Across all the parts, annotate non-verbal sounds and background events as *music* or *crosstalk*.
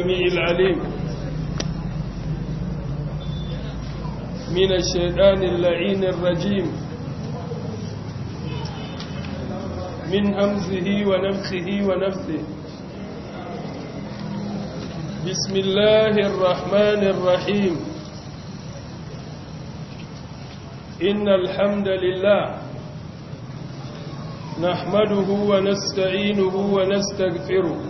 السميع العليم من الشيطان اللعين الرجيم من همزه ونفخه ونفثه بسم الله الرحمن الرحيم إن الحمد لله نحمده ونستعينه ونستغفره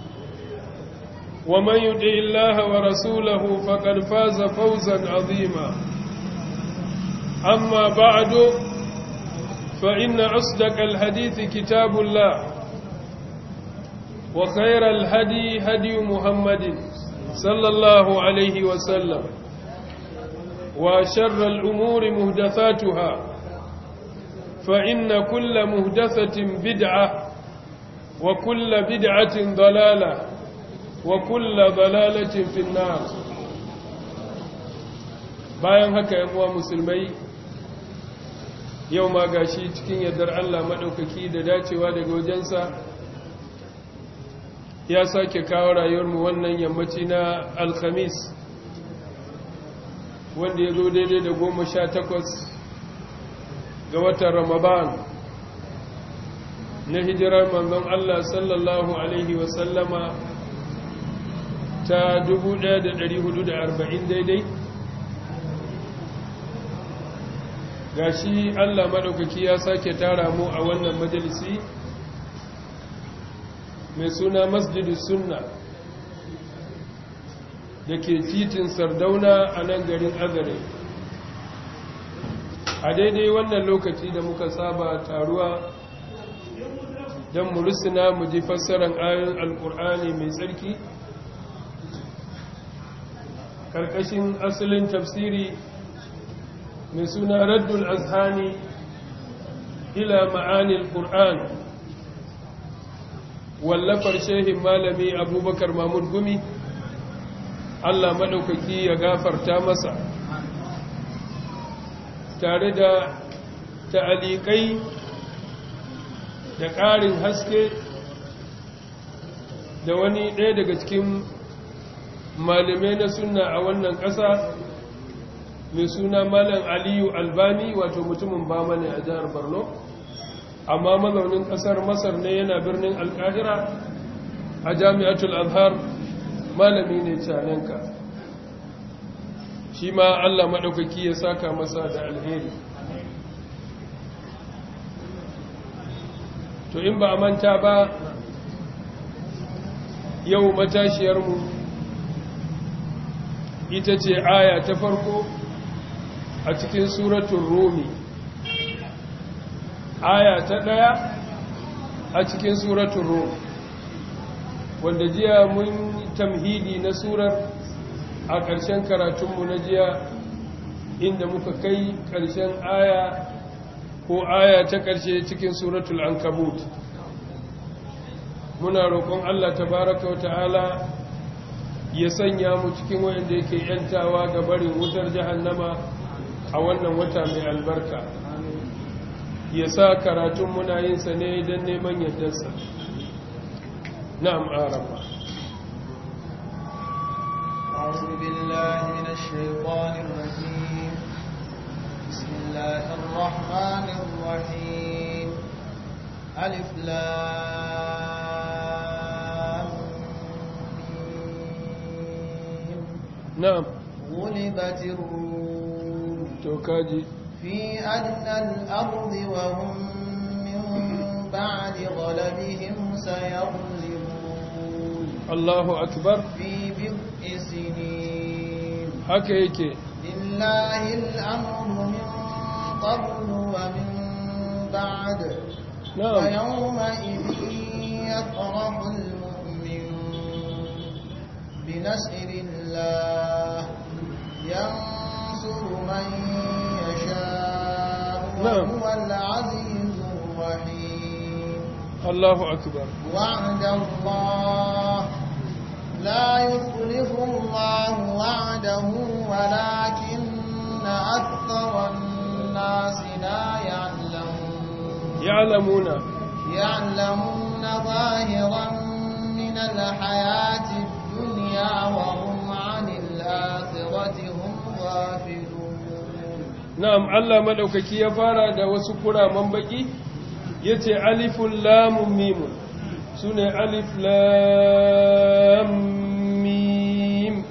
ومن يطع الله ورسوله فقد فاز فوزا عظيما أما بعد فإن أصدق الحديث كتاب الله وخير الهدي هدي محمد صلى الله عليه وسلم وشر الأمور مهدثاتها فإن كل مهدثة بدعة وكل بدعة ضلالة وكل ضلالة في النار bayan haka ‘yan uwa musulmai yau ma gashi cikin yardar Allah maɗaukaki da dacewa daga wajensa ya sake kawo rayuwar mu wannan yammaci na alhamis wanda ya zo daidai da goma sha takwas ga watan ramadan na hijirar manzon Allah sallallahu Alaihi wasallama ta arba'in daidai ga shi allah maɗaukaki ya sake tara mu a wannan majalisi mai suna masjidu sunna da ke titin sardauna a nan garin azare a daidai wannan lokaci da muka saba taruwa don mu rusuna mu ji fassarar ayoyin alkur'ani mai tsarki karkashin asalin tafsiri mai suna raddul azhani ila ma'anil qur'an wallafar shehin malami abubakar Mamud gumi allah maɗaukaki ya gafarta masa tare da ta'alikai da ƙarin haske da wani ɗaya daga cikin malamai na suna a wannan ƙasa mai suna malam aliyu albani wato mutumin ba ne a jihar borno amma mazaunin ƙasar masar ne yana birnin alƙahira a jami'atul azhar malami ne cananka shi ma allah maɗaukaki ya saka masa da alheri to in ba a manta ba yau matashiyarmu ita ce aya ta farko a cikin suratun rumi aya ta ɗaya a cikin suratun rumi wanda jiya mun tamhidi na surar a ƙarshen karatunmu na jiya inda muka kai ƙarshen aya ko aya ta ƙarshe cikin suratul ankabut muna roƙon Allah tabaraka wa ta'ala ya sanya mu cikin wayanda yake yantawa ga barin wutar jahannama a wannan wata mai albarka ya sa karatun muna yin sa ne don neman yardarsa na'am arama أعوذ الرحمن الرحيم ألف لام نعم غلبت الروم توكاجي في أدنى الأرض وهم من بعد غلبهم سيغلبون الله أكبر في بضع سنين هكا لله الأمر من قبل ومن بعد نعم فيومئذ يفرح المؤمنون بنصر الله ينصر من يشاء وهو العزيز الرحيم الله أكبر وعد الله لا يخلف الله وعده ولكن أكثر الناس لا يعلمون يعلمون يعلمون ظاهرا من الحياة الدنيا وهم عن الآخرة هم غافلون نعم الله ملوكك يفارى دا وسكرا من بقي يتي ألف لام ميم سنة ألف لام ميم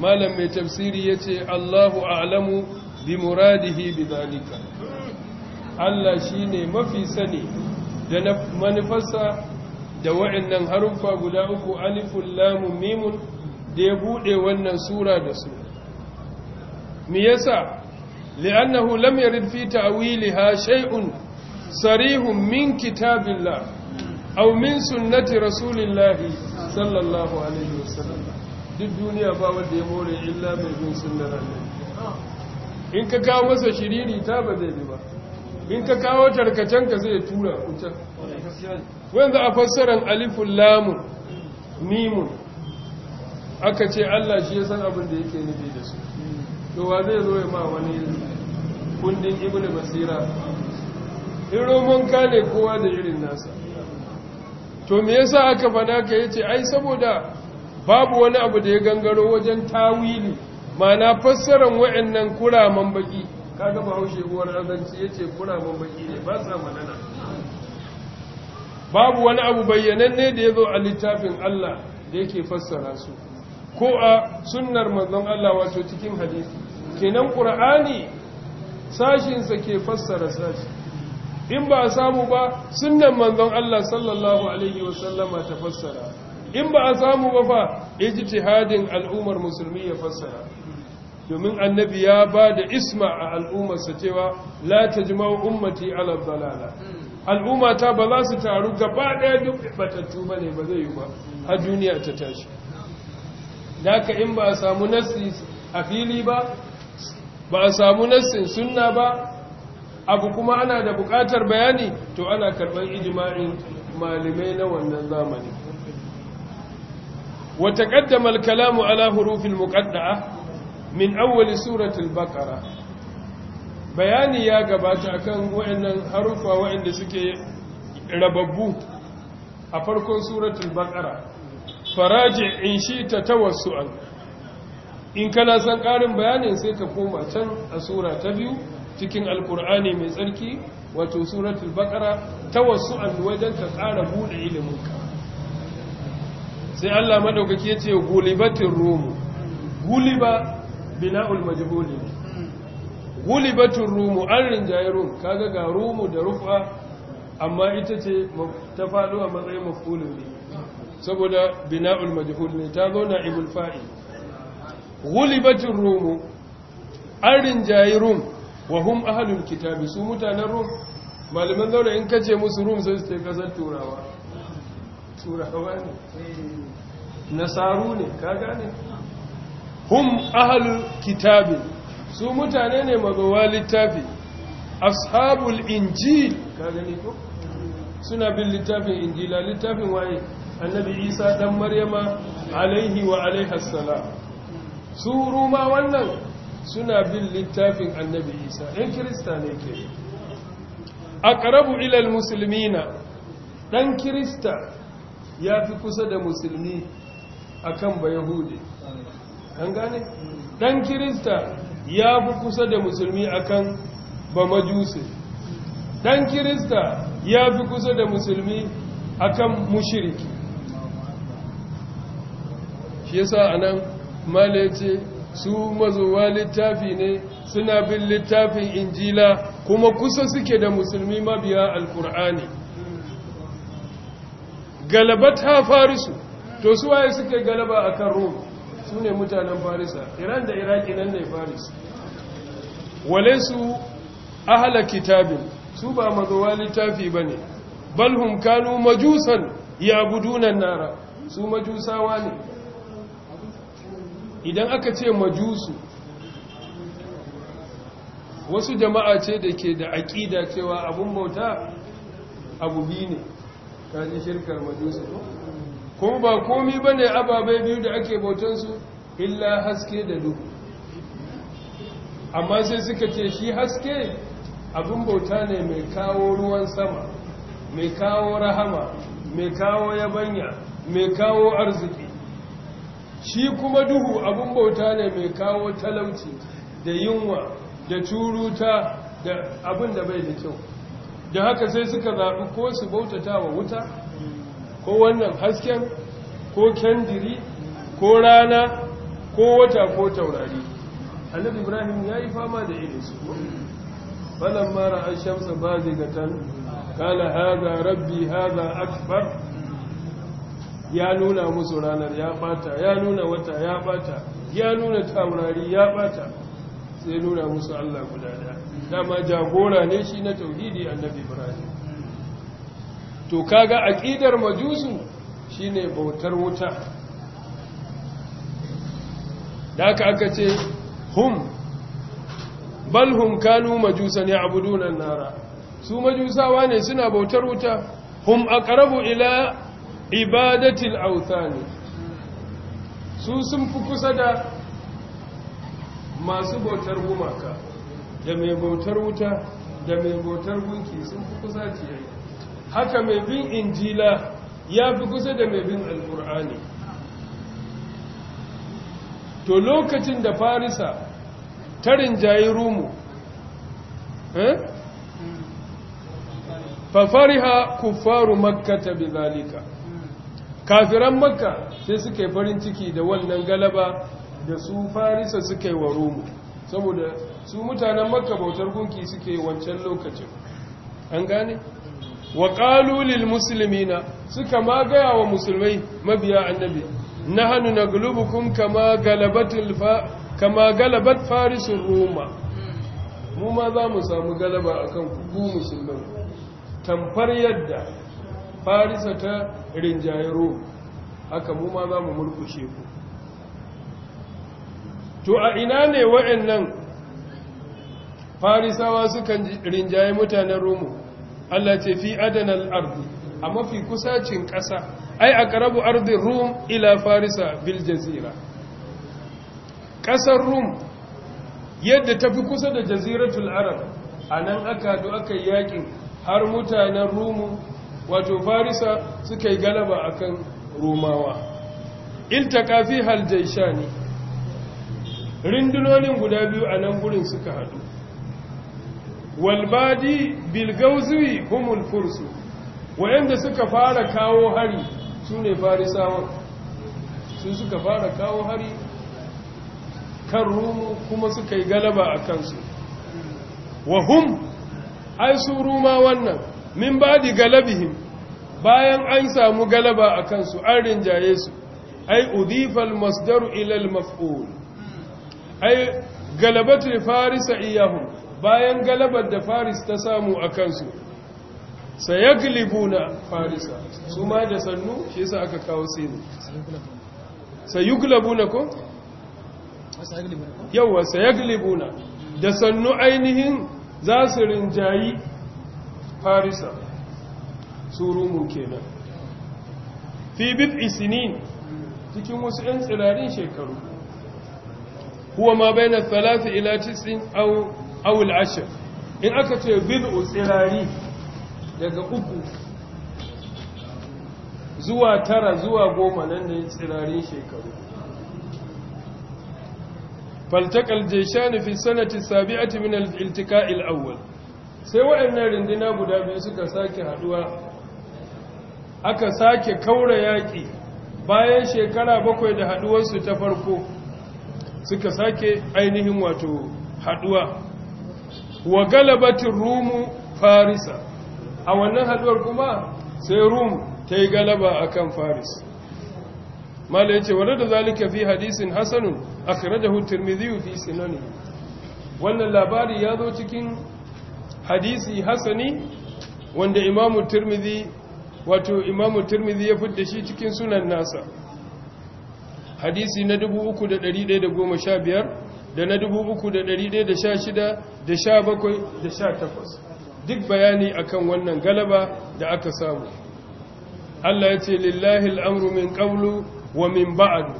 ما لم تفسيري يتي الله أعلم بمراده بذلك Allah shi ne mafi sani da manufarsa da wa'annan haruffa guda uku alifun lamun mimun da ya buɗe wannan sura da su me yasa li'annahu lam yarid fi ta'wiliha shay'un sarihun min kitabillah aw min sunnati Rasulillah sallallahu alaihi wasallam duk duniya ba wanda ya more illa mai bin sunnar annabi in ka kawo masa shiriri ta ba zai ba in ka kawo tarkacen ka zai tura wuta wanda a fassarar alifun lamun nimun aka ce Allah shi ya san abin da yake nufi da su to wa zai zo ya ma wani kundin ibn basira in roman ka ne kowa da irin nasa to me yasa aka fada ka yi ce ai saboda babu wani abu da ya gangaro wajen tawili ma'ana fassaran wa'annan kuraman baki kaga bahaushe uwar azanci yace kuna mamaki ne ba sa manana babu wani abu bayyananne da ya zo a littafin Allah da yake fassara su ko a sunnar mazan Allah wato cikin hadisi kenan ƙur'ani, sashinsa ke fassara sashi in ba a samu ba sunnan manzon Allah sallallahu alaihi wasallama ta fassara in ba a samu ba fa ijtihadin al'ummar musulmi ya fassara domin annabi ya ba da isma a al'ummarsa cewa la ta ummati ala dalala Al'ummata ta ba za su taru gaba ɗaya duk batattu ba ne ba zai yi ba a duniya ta tashi da ka in ba a samu nassi a fili ba ba a samu nassin sunna ba abu kuma ana da buƙatar bayani to ana karɓar ijima'in malamai na wannan zamani wata ƙaddamar kalamu ala hurufin muƙadda'a min awwali suratul baqara bayani ya gabata akan wayannan harufa wayanda suke rababbu a farkon suratul baqara faraji in shita tawassu'an in kana san karin bayanin sai ka koma can a sura ta biyu cikin alkur'ani mai tsarki wato suratul baqara tawassu'an wajen ka ƙara bude ka sai Allah madaukake ce gulibatir rum guliba bina'ul majhuli gulibatur rumu an rinjaye rum kaga ga rumu da rufa amma ita ce ta faɗo a matsayin mafulu ne saboda bina'ul majhul ne ta zauna ibul fa'i gulibatur rumu an rinjaye rum wa hum ahlul su mutanen rum malaman zauna in kace musu rum sai su ce kasar turawa turawa ne nasaru ne ka gane hum ahlul kitabin su mutane ne magawa littafi ashabul injil ka gani ko suna bin littafin injila littafin waye annabi isa dan maryama alaihi wa assalam su ruma wannan suna bin littafin annabi isa ɗan kirista ne ke aqrabu ilal musulmina, dan kirista fi kusa da musulmi akan bayahudi an gane ɗan kirista ya fi kusa da musulmi akan ba majusi kirista ya fi kusa da musulmi akan mushiriki shi yasa anan nan malaye su mazuwa littafi ne suna bin littafin injila kuma kusa suke da musulmi mabiya alkur'ani galabata farisu to su waye suke galaba akan rom su ne mutanen farisa iran da iraki nan ne faris wale su ahala kitabin su ba mazuwa littafi ba ne balhum kanu majusan ya budunan nara su majusawa ne idan aka ce majusu wasu jama'a ce da ke da aƙida cewa abun bauta abu ne kaji shirkar majusu Ko ba komi ba ne ababai biyu da ake bautansu illa haske da duhu amma sai suka ce shi haske abin bauta ne mai kawo ruwan sama mai kawo rahama mai kawo yabanya mai kawo arziki shi kuma duhu abin bauta ne mai kawo talauci da yunwa da turuta da abin da bai da kyau da haka sai suka zaɓi ko su bautata wa wuta ko wannan hasken ko kyandiri ko rana ko wata ko taurari annabi ibrahim ya yi fama da irin su falon mara an shamsa ba gatan, kala haza rabbi haza akbar ya nuna musu ranar ya bata ya nuna wata ya bata ya nuna taurari ya bata sai nuna musu allah guda daya dama jagora ne shi na tauhidi annabi ibrahim to kaga aqidar majusu shine bautar wuta da aka aka ce hum bal hum kanu majusan ya'buduna an-nara su majusawa ne suna bautar wuta hum aqrabu ila ibadati al-awthan su sun fi kusa da masu bautar gumaka da mai bautar wuta da mai bautar gunki sun fi kusa ciyayi haka mai bin injila ya fi kusa da mai bin alkur'ani to lokacin da farisa ta rinjayi rumu eh? fafariha kuffaru makka ta zalika kafiran makka sai suka yi farin ciki da wannan galaba da su farisa suka yi wa rumu saboda su mutanen makka bautar gunki suke wancan lokacin an gane? wa ƙalulil musulmina suka magaya wa musulmai mabiya annabi na hannu na gulubukum kama galabat farisun roma mu ma za mu samu galaba a kan kugu musulmai tamfar yadda farisa ta rinjaye roma haka mu ma za mu mulkushe ku to a ina ne wa'annan farisawa sukan rinjaye mutanen roma Allah ce fi adana ardi a mafi kusacin ƙasa ai a ƙarabu ardin rum ila farisa bil jazira ƙasar rum yadda ta fi kusa da jaziratul arab a nan aka do aka yi yaƙin har mutanen rumu wato farisa suka yi galaba akan rumawa Il hal jai haljaisha ne Rindunonin guda biyu a nan gurin suka haɗu walbadi bilgauzuwi humul fursu wayanda suka fara kawo hari su ne farisawan su suka fara kawo hari kan rumu kuma suka yi galaba a kansu hum ai su ruma wannan min ba galabihim bayan an samu galaba a kansu an rinjaye su ai udifal masdaru ilal maf'ul ai galabatul farisa iyahum bayan galabar da faris ta samu a kansu sayaglibuna farisa su ma da sannu shi sa aka kawo sinu sayuglabuna ko yawa sayaglibuna da sannu ainihin za su rinjayi farisa su rumun kenan fi isinin cikin wasu 'yan tsirarin shekaru huwa ma bai na ila cikin au awul ashir in aka ce bid'u tsirari daga uku zuwa tara zuwa goma nan ne tsirarin shekaru faltakal jeshan fi sanati sabi'ati min al-iltiqa' al-awwal sai waɗannan rindina guda biyu suka sake haduwa aka sake kaura yaki bayan shekara bakwai da haduwarsu ta farko suka sake ainihin wato haduwa wa galabatin rumu farisa a wannan haduwar kuma sai Rumu ta yi galaba a kan faris mala ya ce wadda da zalika fi hadisin hasanun a kirajahu turmiziyu fi sinani wannan labari ya zo cikin hadisi hasani wanda imamu turmizi wato imamu turmizi ya fudda shi cikin sunan nasa hadisi na 3115 da na 3,116 da 17 da duk bayani akan wannan galaba da aka samu Allah ya ce lillahi al'amru min ƙablu wa min ba'adu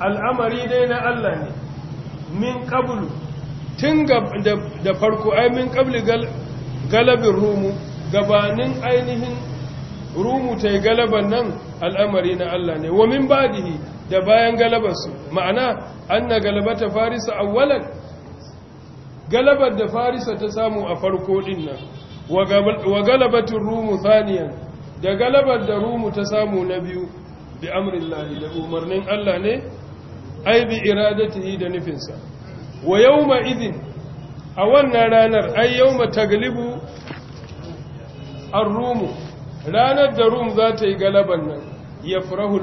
al'amari dai na Allah ne min ƙablu tun da farko ai min ƙabli galabin rumu gabanin ainihin rumu ta yi galaban nan al'amari na Allah ne wa min ba'adihi da bayan galabarsu ma'ana an anna galabata farisa awwalan galabar da farisa ta samu a farko din nan wa galabatin rumu thaniyan da galabar da rumu ta samu na biyu bi amrin lahi da umarnin Allah ne ai bi iradatihi da nufinsa wa yawma idin a wannan ranar ai yawma taglibu ar-rumu ranar da rum za ta yi galaban nan yafrahul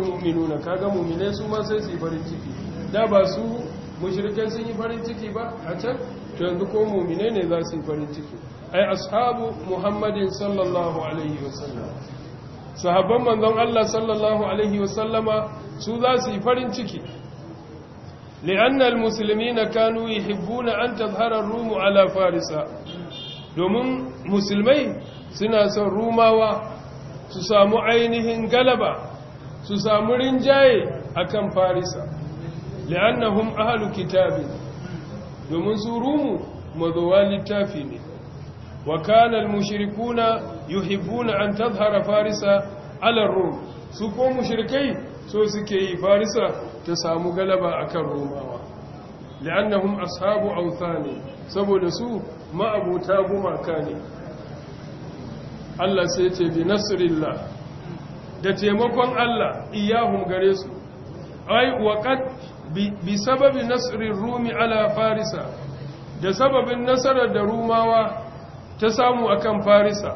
na kaga mu'mine su ma sai su yi farin ciki da ba su mushrikan sun yi farin ciki ba a can to yanzu ko mu'mine ne za su yi farin ciki ai ashabu muhammadin sallallahu alaihi wasallam sahabban manzon Allah sallallahu alaihi wasallama su za su yi farin ciki لأن المسلمين كانوا يحبون أن تظهر الروم على فارس domin musulmai suna son rumawa su samu ainihin galaba su samu rinjaye akan farisa li'annahum ahlu kitabi domin su rumu mazowa littafi ne wa Kanal al-mushrikuna yuhibbuna an tadhhara farisa ala rum su ko mushrikai so suke yi farisa ta samu galaba akan romawa li'annahum ashabu awthani saboda su ma'abuta gumaka ne Allah sai ce bi nasrillah da taimakon Allah iyahun gare su ai waqad bi sababi nasrin rumi ala farisa da sababin nasarar da rumawa ta samu akan farisa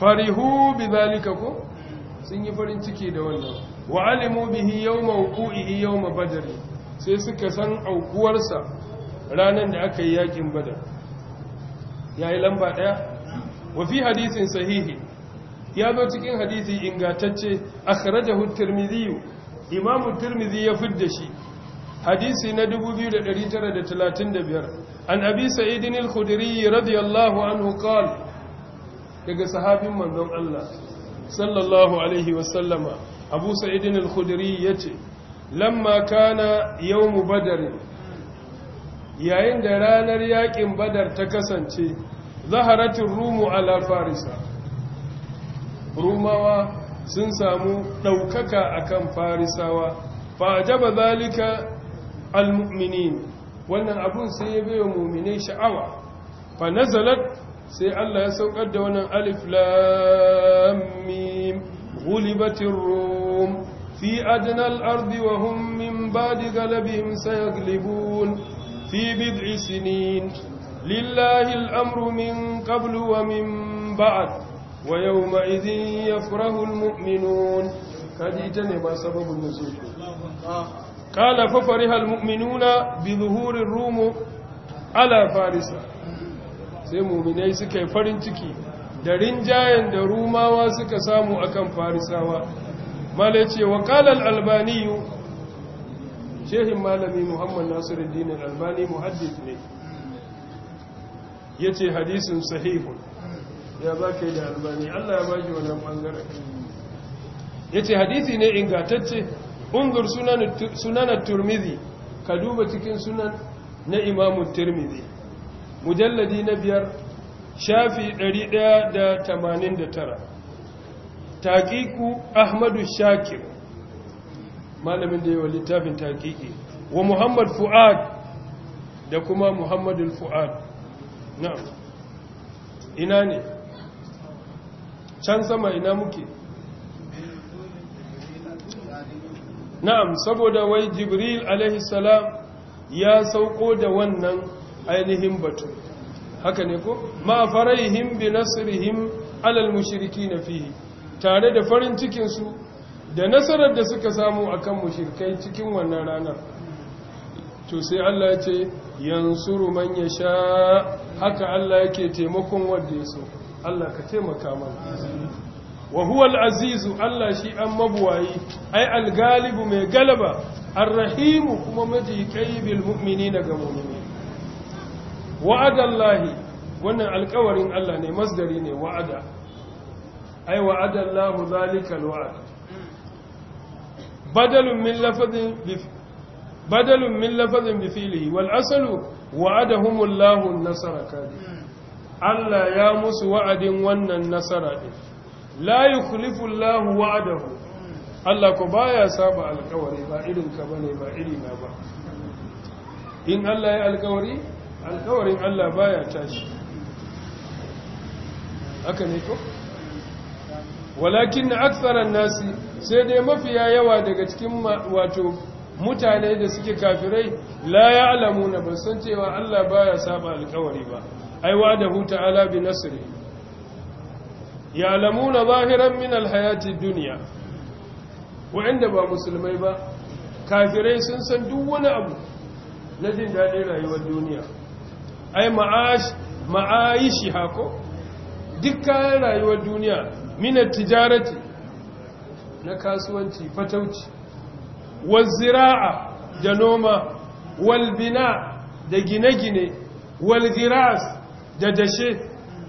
farihu bi zalika ko sun yi farin ciki da wannan wa alimu bihi yawma wuqu'ihi yawma badr sai suka san aukuwarsa ranan da aka yi yakin badar yayi lamba daya wa fi hadisin sahihi ya zo cikin hadisi ingantacce akhrajahu tirmidhi imamu tirmidhi ya fidda shi hadisi na 2935 an abi sa'idin al-khudri radiyallahu anhu qala daga sahabin manzon Allah sallallahu alaihi sallama. abu sa'idin al-khudri yace lamma kana yawmu badr yayin da ranar yakin badar ta kasance zaharatul rumu ala farisa rumawa sun samu ɗaukaka akan farisawa jaba zalika almu'minin wannan abun sai ya baiwa mu'minai sha'awa fa nazalat sai Allah ya saukar da wannan alif lam mim ghulibatir rum fi adna ardi wa hum min ba'di ghalabihim sayaglibun fi bid'i sinin lillahi al-amru min qablu wa min ba'd ويومئذ يفرح المؤمنون كديتني ما سبب النزول قال ففرح المؤمنون بظهور الروم على فارس sai muminai suka farin ciki da rinjayen da rumawa suka samu akan farisawa mala ce wa kalal albaniyu shehin malamin muhammad nasiruddin albani muhaddis ne ya ce hadisin sahihu. ya ba ka yi da albani allah ya ba ki wannan ɓangaren ya ce hadisi ne ingantacce ungur sunanar turmizi ka duba cikin sunan na imamun turmizi mujalladi na biyar shafi 189 taƙiƙu ahmadu shakir malamin da yi wa littafin taƙiƙi wa muhammad fu'ad da kuma muhammadul fu'ad na'am ina ne can sama ina muke na'am saboda wai jibril alaihi salam ya sauko da wannan ainihin batu haka ne ko ma faraihim bi nasrihim alal mushrikin fihi tare da farin cikin su da nasarar da suka samu akan mushrikai cikin wannan ranar to sai Allah ya ce yansuru man yasha haka Allah yake taimakon wanda ya so Allah ka taimaka mana wa huwa al-azizu Allah shi an mabuwayi ai al-galibu mai galaba ar-rahimu kuma maji qaybil mu'minina ga mu'mini wa'adallahi wannan alƙawarin Allah ne masdari ne wa'ada ai wa'adallahu zalika al-wa'd badalun min lafazin bi badalun min lafazin bi fi'lihi wal asalu wa'adahumullahu an-nasara kadhi Allah ya musu wa'adin wannan nasara din la yi yukhlifu Lahu wa'adahu Allah ko ya saba alkawari ba irin ka ne ba iri na ba in Allah ya alkawari alkawarin Allah baya tashi haka ne ko walakin na aksarar nasi sai dai mafiya yawa daga cikin wato mutane da suke kafirai la ya alamu na san cewa Allah ba ya saba alkawari ba Aiwa da huta alabi bi ya lamuna zahiran min alhayati duniya waɗanda ba musulmai ba kafirai sun san duk wani abu na jin daɗin rayuwar duniya ai ma'ash ma'aishi hako duk kayan rayuwar duniya minar tijarati na kasuwanci fatauci wazira'a da noma walbina da gine-gine walgiras da dashe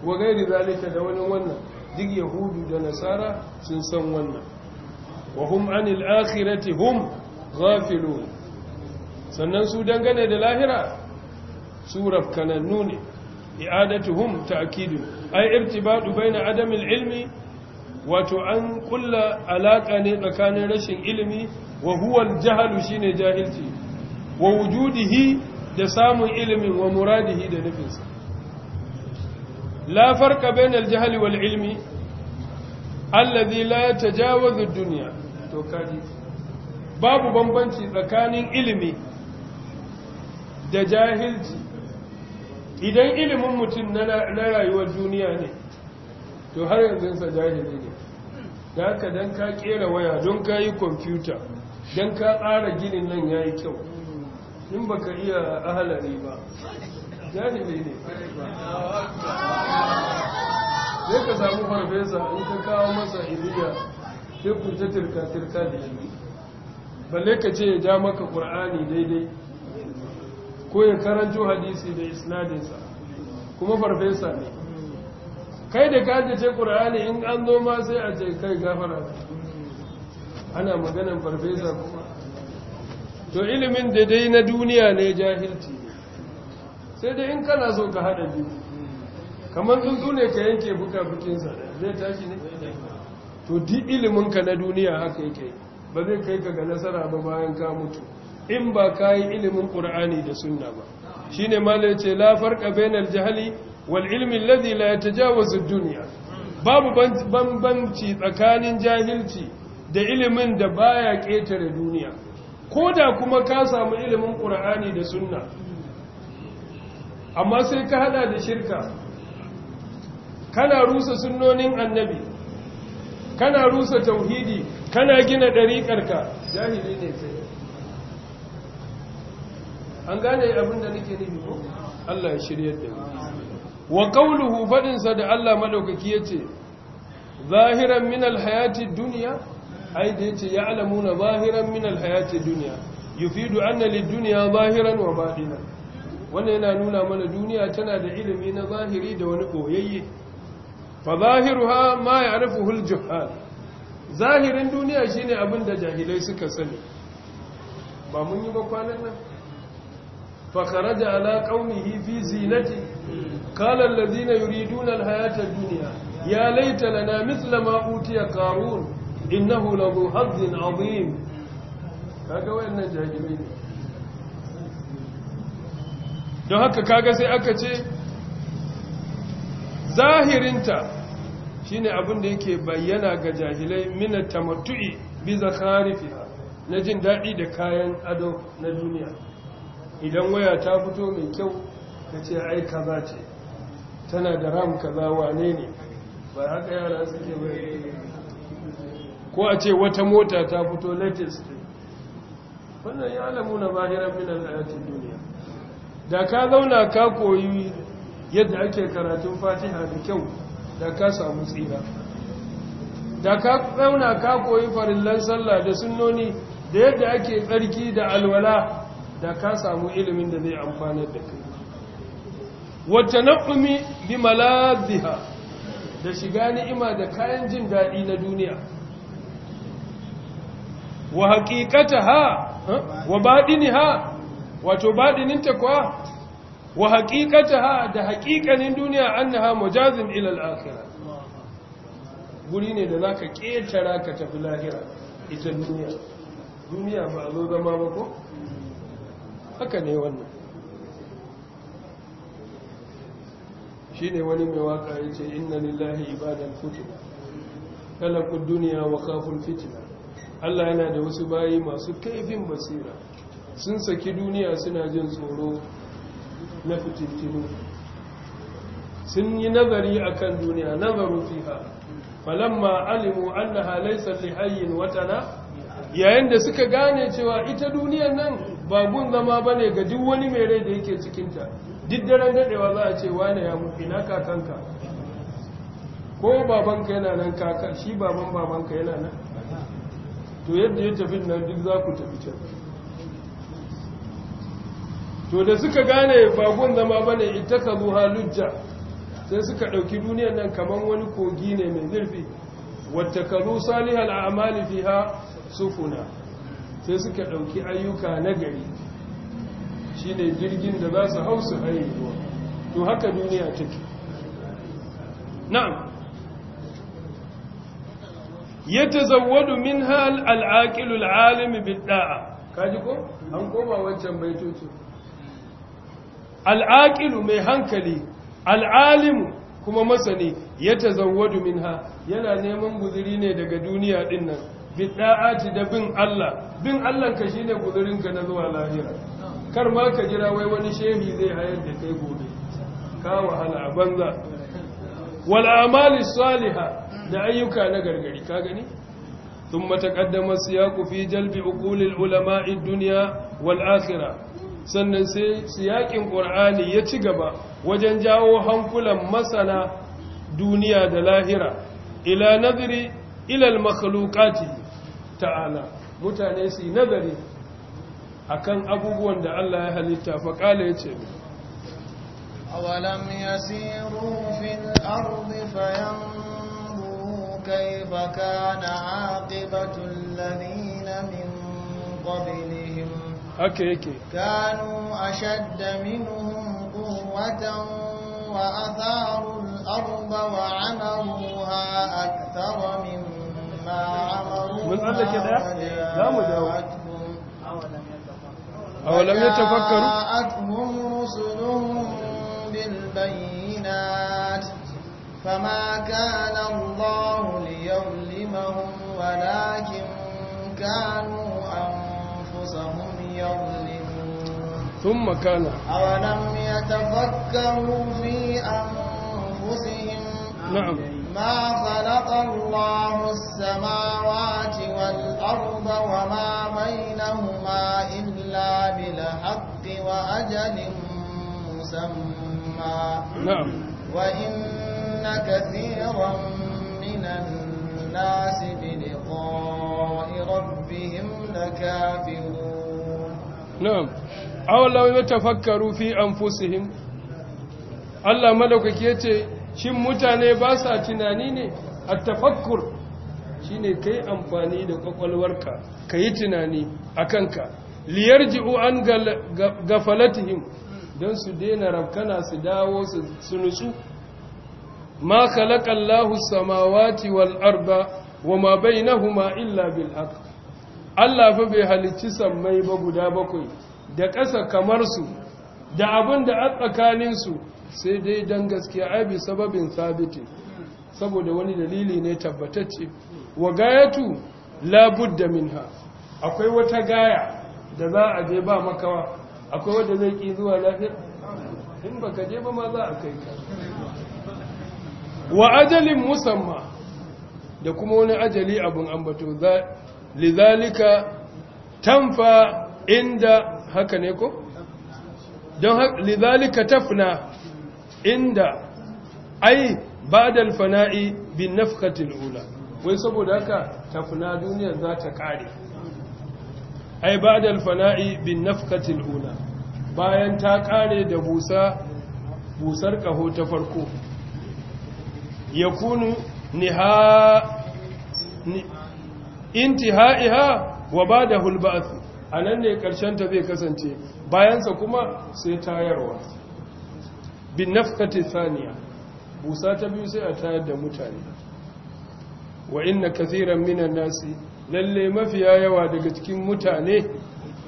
wa gairi zalika da wani wannan duk yahudu da nasara sun san wannan wa hum anil akhirati hum ghafilun sannan su dangane da lahira su rafkanannu ne i'adatuhum ta'kidun ay irtibadu baina adamil ilmi wato an kulla alaka ne tsakanin rashin ilimi wa huwa al shine jahilci wa wujudihi da samun ilimin wa muradihi da nufinsa لا فرق بين الجهل والعلم الذي لا يتجاوز الدنيا to kaji babu bambanci tsakanin ilimi da jahilci idan ilimin mutum na rayuwar duniya ne to har yanzu sa jahili ne da haka don ka kera waya don ka yi kwamfuta dan ka tsara ginin nan ya yi kyau in baka iya a ahalari ba jahili ne Zai ka samu farfesa in ka kawo masa iliya ke kuta tirka-tirka da shi balle ka ce ya ja maka ƙur'ani daidai ko ya karanto hadisi da isnadinsa kuma farfesa ne kai da ka ce ƙur'ani in an zo ma sai a ce kai gafara ana maganan farfesa kuma to ilimin da dai na duniya ne jahilci sai dai in kana so ka hada biyu kamar tsuntsu ne ka yanke bukabukinsa zai tashi ne to di ka na duniya haka yake ba zai kai ka ga nasara ba bayan ka mutu in ba ka yi ilimin ƙur'ani da sunna ba shi ne malai ce lafar ƙabenar jihali wal ilimin lazi la ya tajawazin duniya babu bambanci tsakanin jahilci da ilimin da baya ƙetare duniya ko da kuma ka samu ilimin ƙur'ani da sunna amma sai ka hada da shirka kana rusa sunnonin annabi kana rusa tauhidi kana gina ɗariƙarka jahili ne sai an gane abin da nake nufi ko Allah ya shirya da wa qawluhu fadinsa da Allah madaukaki yace zahiran min alhayati dunya ai da yace ya'lamuna zahiran min alhayati dunya yufidu anna lid-dunya zahiran wa batinan wannan yana nuna mana duniya tana da ilimi na zahiri da wani boyayye fa zahiruha ma ya'rifuhu al-juhal zahirin duniya shine abin da jahilai suka sani ba mun yi ba kwanan nan fa kharaja ala qaumihi fi zinati qala alladhina yuriduna al-hayata ad-dunya ya laita lana mithla ma utiya qarun innahu lahu hazzin azim kaga wayannan jahilai ne don haka kaga sai aka ce zahirinta shine ne abinda yake bayyana ga jahilai mina tamattu'i bi zakharifiha na jin daɗi da kayan ado na duniya idan waya ta fito mai kyau ka ce ai kaza ce tana da ram kaza wane ne ba haka yara suke bai ko a ce wata mota ta fito latest wannan ya alamu na bahiran minan ayatun da ka zauna ka koyi yadda ake karatun fatiha da kyau da ka samu tsira da ka zauna ka koyi farillan sallah da sunnoni da yadda ake tsarki da alwala da ka samu ilimin da zai amfanar da kai wata na'umi bi malaziha da shiga ni'ima da kayan jin daɗi na duniya wa haƙiƙata ha wa baɗini ha wato baɗininta kuwa wa haƙiƙataha da haƙiƙanin duniya annaha mujazin ila al-akhirah guri ne da zaka ƙetara ka tafi lahira ita duniya duniya ba zo zama ba ko haka ne wannan shi ne wani mai waka yace inna lillahi ibadan kala kalakun duniya wa kafin fitina Allah yana da wasu bayi masu kaifin basira sun saki duniya suna jin tsoro na fitintinu sun yi nazari a kan duniya nazaru fiha falamma alimu annaha laysat lihayyin watana yayin da suka gane cewa ita duniyar nan ba zama ba ne ga duk wani mai rai da yake cikinta. duk daren daɗewa za a ce wane ya mutu ina kakanka ko babanka yana nan kaka shi baban babanka yana nan to yadda ya tafi nan duk za ku tafi can to da suka gane babuwan zama ba ita ka zuha lujja sai suka ɗauki duniyan nan kamar wani kogi ne mai zurfi wata kalu salihal amali ha sufuna sai suka ɗauki ayyuka na gari shi ne jirgin da za su hau su haihuwa to haka duniya take na'am ya tazawwadu min hal al'aƙilul alimi bidda'a kaji ko an koma wancan baitocin al'aƙilu mai hankali al'alimu kuma masani ya tazawwadu ha yana neman guzuri ne daga duniya ɗin nan bidda'ati da bin Allah bin Allah ka shine guzurinka na zuwa lahira kar ma ka jira wai wani shehi zai hayar da kai gobe ka wahala a banza wal amali saliha da ayyuka na gargari ka gani sun ثم تقدم kufi jalbi جلب ulama'i العلماء wal والآخرة sannan sai siyakin ƙur'ani ya ci gaba wajen jawo hankulan masana duniya da lahira ila nazari ilal makhlukati ta'ala mutane su yi nazari akan abubuwan da Allah ya halitta faƙala ya ce أولم يسيروا في الأرض haka yake kanu ashadda minhum quwwatan wa atharu al-ardh wa 'amaruha akthar mimma 'amaru mun Allah ke dawo awalam yatafakkaru bil bayyinat فما كان الله ليظلمهم ولكن كانوا أنفسهم يظلمون ثم كان أولم يتفكروا في أنفسهم نعم ما خلق الله السماوات والأرض وما بينهما إلا بالحق وأجل مسمى نعم وإن كثيرا من الناس بلقاء ربهم لكافرون na'am aw law yatafakkaru fi anfusihim Allah madaukaki yace shin mutane ba sa tunani ne at-tafakkur shine kai amfani da kwakwalwarka kai tunani akanka liyarji'u an gafalatihim don su daina rafkana su dawo su nutsu ma khalaqa Allahu samawati wal arda wama bainahuma illa bil haqq Allah fa bai halicci sammai ba guda bakwai da ƙasa kamar su da abin da a tsakaninsu sai dai don gaskiya aibi sababin sabiti saboda wani dalili ne tabbatacce wa gayatu labudda minha akwai wata gaya da za a je ba makawa akwai wanda zai ki zuwa lafiya in baka je ba ma za a kai ka wa ajalin musamma da kuma wani ajali abin ambato lidhalika tanfa inda haka ne ko don lidhalika tafna inda ai ba'da alfana'i bin nafkhati alula wai saboda haka tafna duniya za ta kare ai ba'da alfana'i bin nafkhati alula bayan ta kare da busa busar kaho ta farko yakunu niha intihaiha wa badahu al a nan ne karshen ta zai kasance bayan sa kuma sai tayarwa bin nafkati thaniya busa ta biyu sai a tayar da mutane wa inna kathiran minan nasi lalle mafiya yawa daga cikin mutane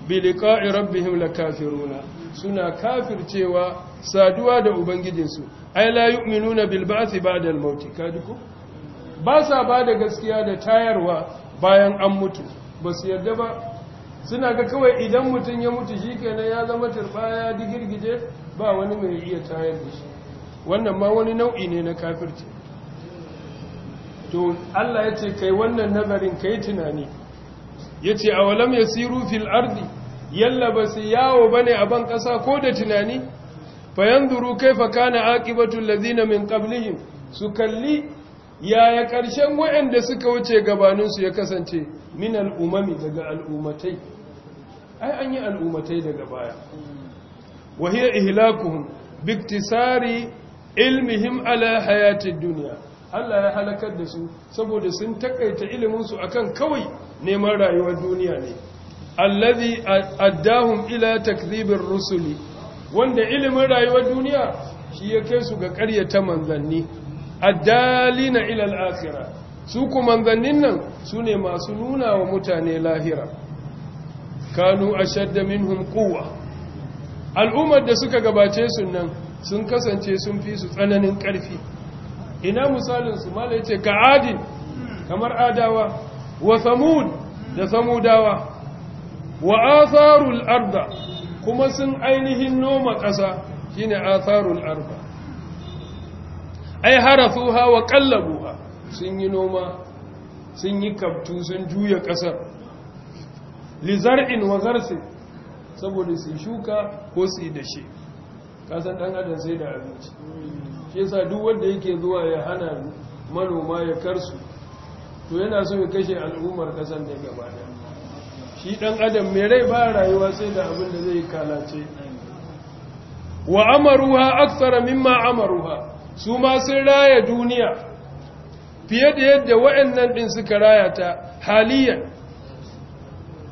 bi liqa'i rabbihim lakafiruna suna kafircewa saduwa da ubangijinsu ai la yu'minuna bil ba'thi ba'da al-maut kadiku ba sa ba da gaskiya da tayarwa bayan an mutu ba su yarda ba suna ga kawai idan mutum ya mutu shi kenan ya zama turba ya digirgije ba wani mai iya tayar da shi wannan ma wani nau'i ne na kafirci to Allah ya ce kai wannan nazarin kai tunani ya ce a walam ya siru fil ardi yalla ba su yawo ba ne a ban ƙasa ko da tunani fayan duru kai fa kana aƙibatun lazina min ƙablihim su kalli yaya ƙarshen waɗanda suka wuce gabaninsu ya kasance min al'umami daga al'umatai ai an yi al'umatai daga baya wahiyar ihilakuhun biktisari ilmihim ala hayatin duniya Allah ya halakar da su saboda sun takaita iliminsu akan kawai neman rayuwar duniya ne allazi addahum ila takdhibir rusuli wanda ilimin rayuwar duniya shi ya kai su ga ƙaryata manzanni addalina ila al-akhirah su kuma manzannin nan sune masu nuna wa mutane lahira kanu ashadda minhum quwwa al'ummar da suka gabace su nan sun kasance sun fi su tsananin ƙarfi ina misalin su mallai ce ka adin kamar adawa wa samud da samudawa wa atharul arda kuma sun ainihin noma ƙasa shine atharul arda ai harathuha wa qallabuha sun yi noma sun yi kaftu sun juya kasar lizarin in wa saboda su shuka ko su yi dashe kasan dan adam sai da abinci shi yasa duk wanda yake zuwa ya hana manoma ya karsu to yana so ya kashe al'ummar kasar ne gaba da shi dan adam mai rai ba rayuwa sai da abin da zai kalace wa amaruha aksara mimma amaruha su ma sun raya duniya fiye da yadda waɗannan ɗin suka raya ta haliyan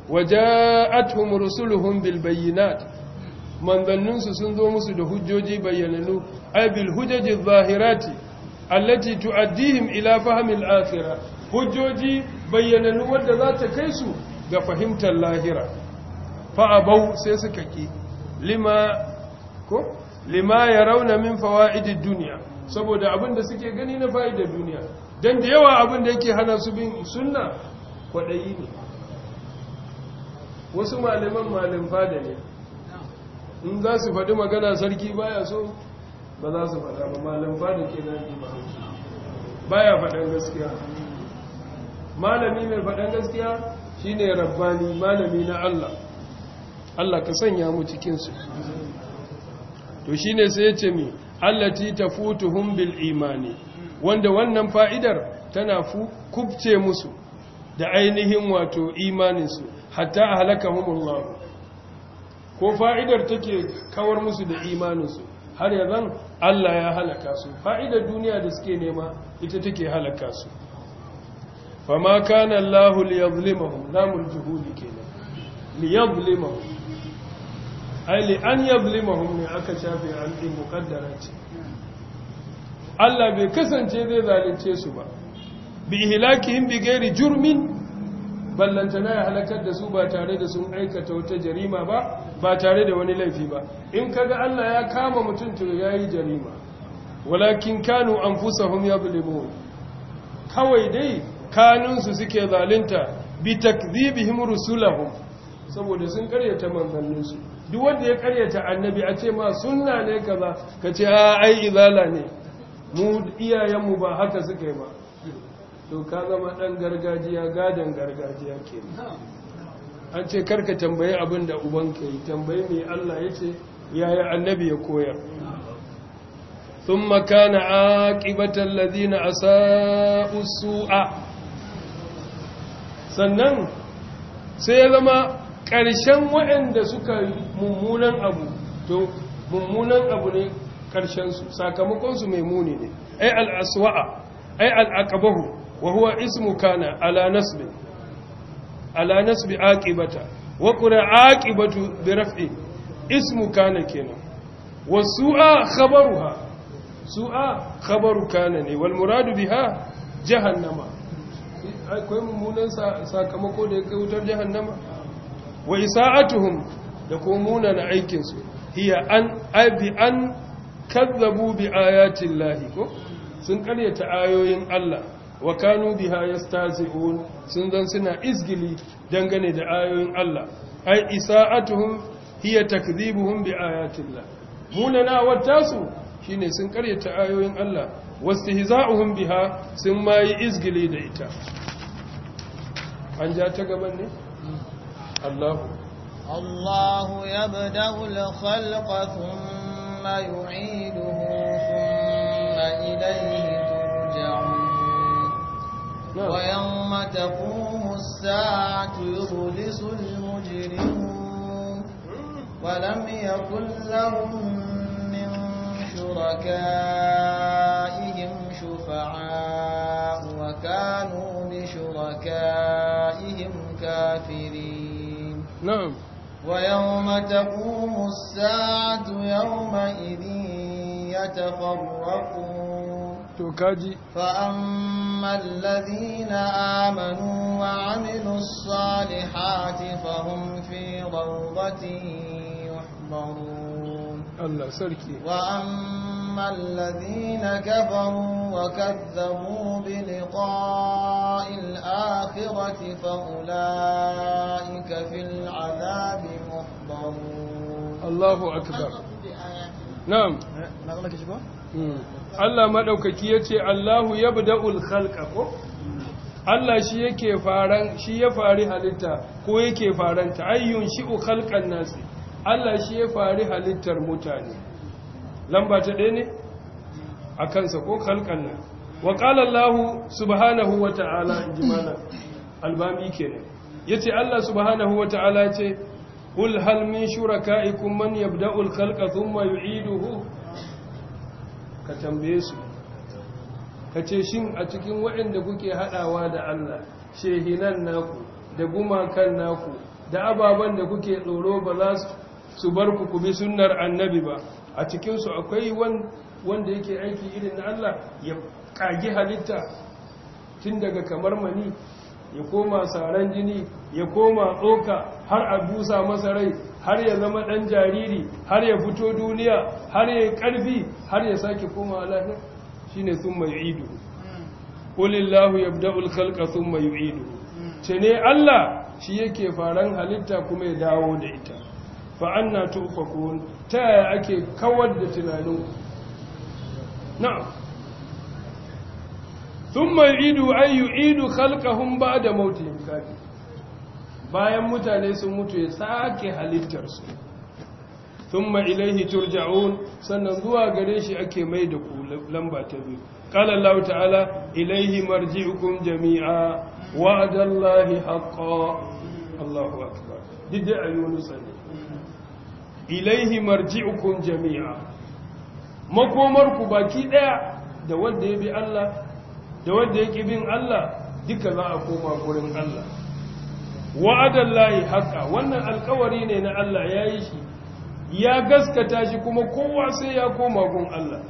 waja'atuhum rusuluhum bil bayyinat manzanninsu sun zo musu da hujjoji bayyananu ay bil zahirati allati tu'addihim ila fahmi al hujjoji bayyananu wadda za ta kai su ga fahimtar lahira fa sai suka ki lima ko lima yarawna min fawa'idin duniya. saboda abin da suke gani na da duniya don da yawa abin da yake hana su bin sunna kwaɗayi ne wasu malaman malin fada ne in za su faɗi magana sarki baya so ba za su faɗa ba malin fada ke nan ba baya faɗan gaskiya malami mai faɗan gaskiya shi ne rabbani malami na Allah Allah ka sanya mu cikinsu to shi ne sai ya ce mai allati tafutuhum bil imani wanda wannan fa'idar tana kubce musu da ainihin wato imaninsu hatta halakahumullah ko fa'idar take kawar musu da imaninsu har yanzu Allah ya halaka su fa'idar duniya da suke nema ita take halaka su fama kana Allah liyazlimahum lamul juhuli kenan liyazlimahum aili an yablimahum ne aka shafe an ɗin ce Allah bai kasance zai zalunce su ba bi ihlakihim bi gairi jurmin ballantana ya halakar da su ba tare da sun aikata wata jarima ba ba tare da wani laifi ba in ka ga Allah ya kama mutum to yayi jarima walakin kanu anfusahum yablimun kawai dai kanunsu suke zalunta bi takdhibihim rusulahum saboda sun karyata manzanninsu duk wanda ya karyata annabi a ce ma sunna ne kaza ka ce a ah, ai izala ne mu iyayenmu ba haka suka yi ba to ka zama dan gargajiya gadon gargajiya ke an ce karka tambaye abin da ka yi tambaye mai Allah ya ce yaya annabi ya koya. koyar a كان عاقبة lazina a sa'usua. sannan sai ya zama ƙarshen waɗanda suka yi mummunan abu to mummunan abu ne ƙarshensu sakamakonsu mai muni ne ai al'aswa'a ai al'akabahu wa huwa ismu kana ala nasbi ala nasbi aqibata wa qura aqibatu bi raf'i ismu kana kenan wa su'a khabaruha su'a khabaru kana ne wal muradu biha jahannama akwai mummunan sakamako da ya kai wutar jahannama wa isa'atuhum da kuma munana aikinsu hiya an abi an kazzabu bi ayatin lahi ko sun karyata ayoyin Allah wa kanu biha yastazi'un sun zan suna izgili dangane da ayoyin Allah ai isa'atuhum hiya takdhibuhum bi ayatin lahi munana watasu shine sun karyata ayoyin Allah wastihza'uhum biha sun ma yi izgili da ita an ja ta gaban ne الله الله يبدأ الخلق ثم يعيده ثم إليه ترجعون نعم. ويوم تقوم الساعة يخلص المجرمون ولم يكن لهم من شركائهم شفعاء وكانوا بشركائهم كافرين نعم ويوم تقوم الساعة يومئذ يتفرقون تكاجي فأما الذين آمنوا وعملوا الصالحات فهم في روضة يحبرون الله سركي وأما أما الذين كفروا وكذبوا بلقاء الآخرة فأولئك في العذاب محضرون الله أكبر نعم Allah maɗaukaki ya ce Allahu ya bi da'ul ko? Allah shi yake faran shi ya fari halitta ko yake faranta ayyun shi'u khalqan nasi Allah shi ya fari halittar mutane lamba ta ɗaya ne a kansa ko halkan nan wa subhanahu wa ta'ala in ji mana albami ke ne ya ce Allah subhanahu wa ta'ala ce ƙul halmi shura ka'ikun man da'ul kalka sun ma ka tambaye su ka ce shin a cikin waɗanda kuke haɗawa da Allah shehinan naku da gumakan naku da ababen da kuke tsoro ba za su bar ku kubi sunnar annabi ba a cikinsu akwai wanda yake aiki irin na Allah ya kagi halitta tun daga kamar mani ya koma saran jini ya koma tsoka har a busa masa rai har ya zama ɗan jariri har ya fito duniya har ya ƙarfi har ya sake koma lafiya shi ne sun mai idu ƙulillahu ya da'ul kalka sun mai idu mm. ce ne Allah shi yake faran halitta kuma ya dawo da ita fa'anna tufakun ta yaya ake kawar da tunanin na'am mai idu an yu'idu khalqahum da mautihim kafi bayan mutane sun mutu ya sake halittar su thumma ilayhi turja'un sannan zuwa gare shi ake mai da ku lamba ta biyu ƙala Allah ta'ala marji hukum jami'a wa’adallahi haqqan Allahu a yi wani sani. ilaihi marji'ukum jami'a makomar ku baki daya da wanda ya bi Allah da wanda ya bin Allah duka za a koma gurin Allah wa'adan lahi haƙa wannan alkawari ne na Allah yayi shi ya gaskata shi kuma kowa sai ya koma gun Allah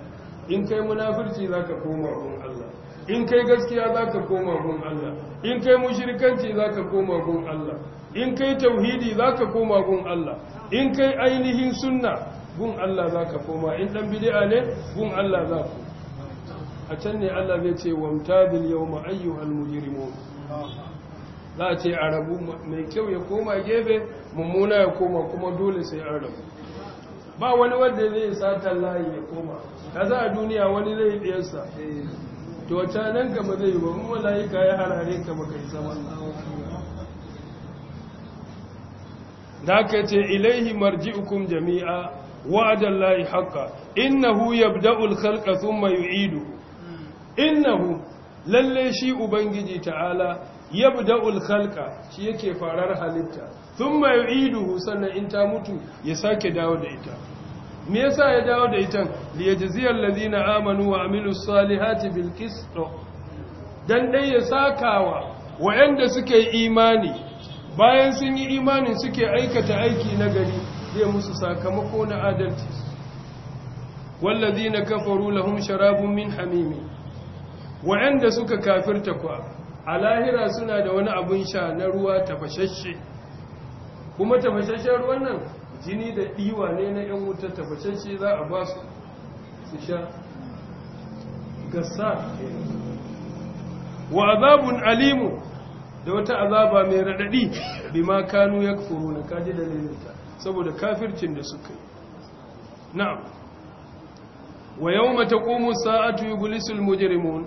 in kai munafirci zaka koma gurin Allah in kai gaskiya za ka koma gun Allah in kai mushirkanci za ka koma gun Allah in kai tauhidi za ka koma gun Allah in kai ainihin sunna gun Allah za ka koma in ɗan bidi'a ne gun Allah za ku a can ne Allah zai ce wamtabil yawma ayyuhal mujrimun za a ce a rabu mai kyau ya koma gefe mummuna ya koma kuma dole sai an rabu ba wani wanda zai satan layi ya koma kaza a duniya wani zai ɗiyarsa to wata nan ka zai yi ba mu mala'ika ya harare ka ba kai sama da ka ce ilaihi marji'ukum jami'a wa'adan lahi haqqa innahu yabda'ul khalqa thumma yu'idu innahu lalle shi ubangiji ta'ala yabda'ul khalqa shi yake farar halitta thumma yu'iduhu sannan in ta mutu ya sake dawo da ita me yasa ya dawo da itan liyajziyal ladina amanu wa amilus salihati bil qist dan dai ya sakawa wayanda suke imani bayan sun yi imanin suke aikata aiki na gari zai musu sakamako na adalci wallazina kafaru lahum sharabun min hamimi wayanda suka kafirta kwa a lahira suna da wani abun sha na ruwa tafashashe kuma tafashashen ruwan nan jini da ɗiwa ne na ‘yan wutar tabbatacce za a ba su su sha gasa wa azabun alimu da wata azaba mai raɗaɗi bi ma kanu ya kufuru na kaji dalilinta saboda kafircin da suka yi na'am wa yau mata ƙomu sa'atu yi gulisul mujirimun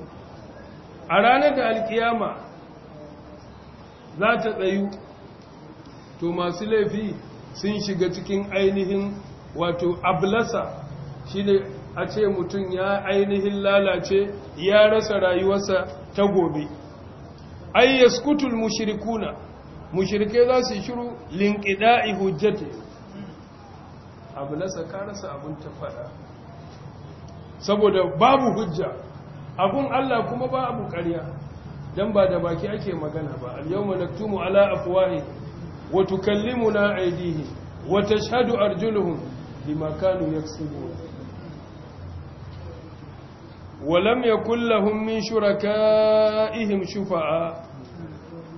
a ranar da alkiyama za ta tsayu to masu laifi sun shiga cikin ainihin wato ablasa Shi ne a ce mutum ya ainihin lalace ya rasa rayuwarsa ta gobe ay yaskutul mushirikuna mushrike za su shiru linkida ihujjate ablasa ka rasa abun ta fada saboda babu hujja abun Allah kuma ba abu ƙarya don ba da baki ake magana ba al-yawma mu ala afuwahi. wa tukallimuna aydihim wa tashhadu arjuluhum bima kanu yaksubun ولم يكن لهم من شركائهم شفعاء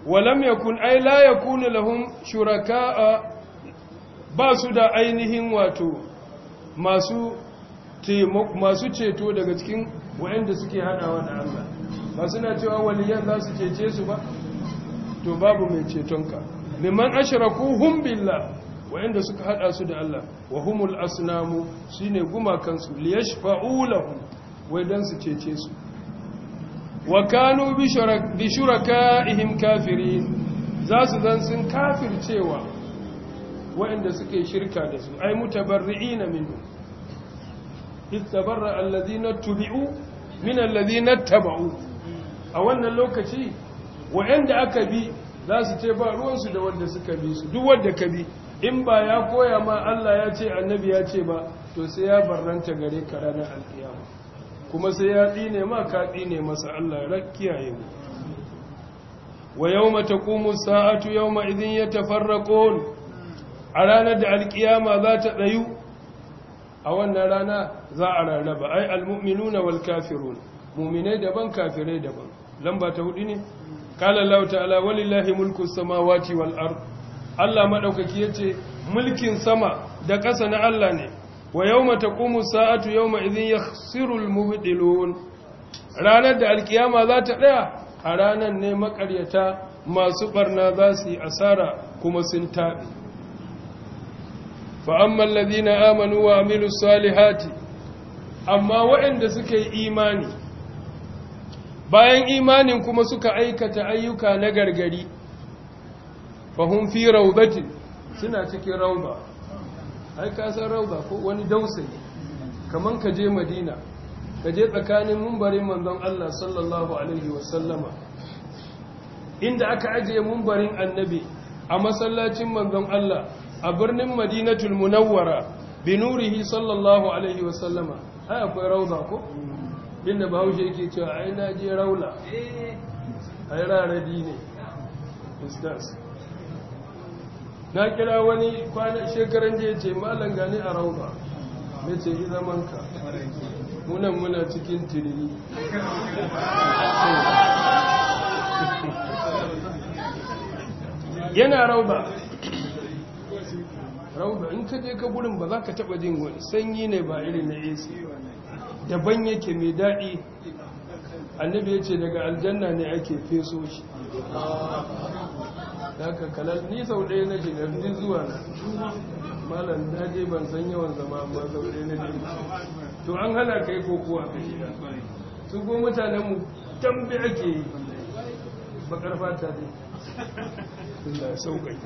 ولم يكن ainihin wato masu ceto daga cikin waɗanda suke haɗawa da Allah ba suna cewa waliyan za su cece su ba to babu mai cetonka liman ashrakuhum billah wa'anda suka hada su da Allah wa humul asnamu shine gumakansu su liyashfa'u wai dan su cece su wa kanu bi shuraka'ihim kafirin za su dan sun kafircewa wa'anda suke shirka da su ai mutabarri'ina minhu ittabarra alladhina tubi'u min alladhina tabau a wannan lokaci wa'anda aka bi za su ce ba ruwansu da wanda suka bi su duk wanda ka bi in ba ya koya ma Allah ya ce annabi ya ce ba to sai ya barranta gare ka ranar alkiyama kuma sai ya tsine ma ka tsine masa Allah ya kiyaye mu wa yawma taqumu sa'atu yawma idhin yatafarraqun a ranar da alkiyama za ta tsayu a wannan rana za a rarraba ai almu'minuna wal kafirun mu'minai daban kafirai daban lamba ta hudu ne qala allah ta'ala walillahi mulku sama wal wal'ar. allah ya ce mulkin sama da ƙasa na allah ne wa yawma taqumu sa'atu yau idhin yakhsiru al mubtilun ranar da alkiyama za ta tsaya a ranar ne makaryata masu barna za su yi asara kuma sun taɓe fa'amman ladina amanu wa amilu salihati amma waɗanda suka yi imani bayan imanin kuma suka aikata ayyuka na gargari fahun fi raubatin suna cikin rauba ai san rauba ko wani dausayi kaman ka je madina ka je tsakanin mumbarin manzon Allah sallallahu alaihi wasallama inda aka ajiye mumbarin annabi a masallacin manzon Allah a birnin madinatul munawwara bi nurihi sallallahu alaihi wasallama ai akwai rauda ko inda bahaushe yake cewa a na je rauna eh. ai raradi ne instance na kira wani kwanan shekaran da ya ce malam gani a rauna ya ce yi zamanka munan muna cikin tiriri *laughs* yana rauba rauba in ka je ka gurin ba za ka taba jin sanyi ne ba irin na ac daban yake mai daɗi annabi ya ce daga aljanna ne ake feso shi daga kalar ni sau ɗaya na shiga ni zuwa na malam na je ban san yawan zama amma sau ɗaya na je to an hana kai ko kuwa ka shiga su ko mutanen mu tambi ake yi bakar fata ne da sauƙaƙi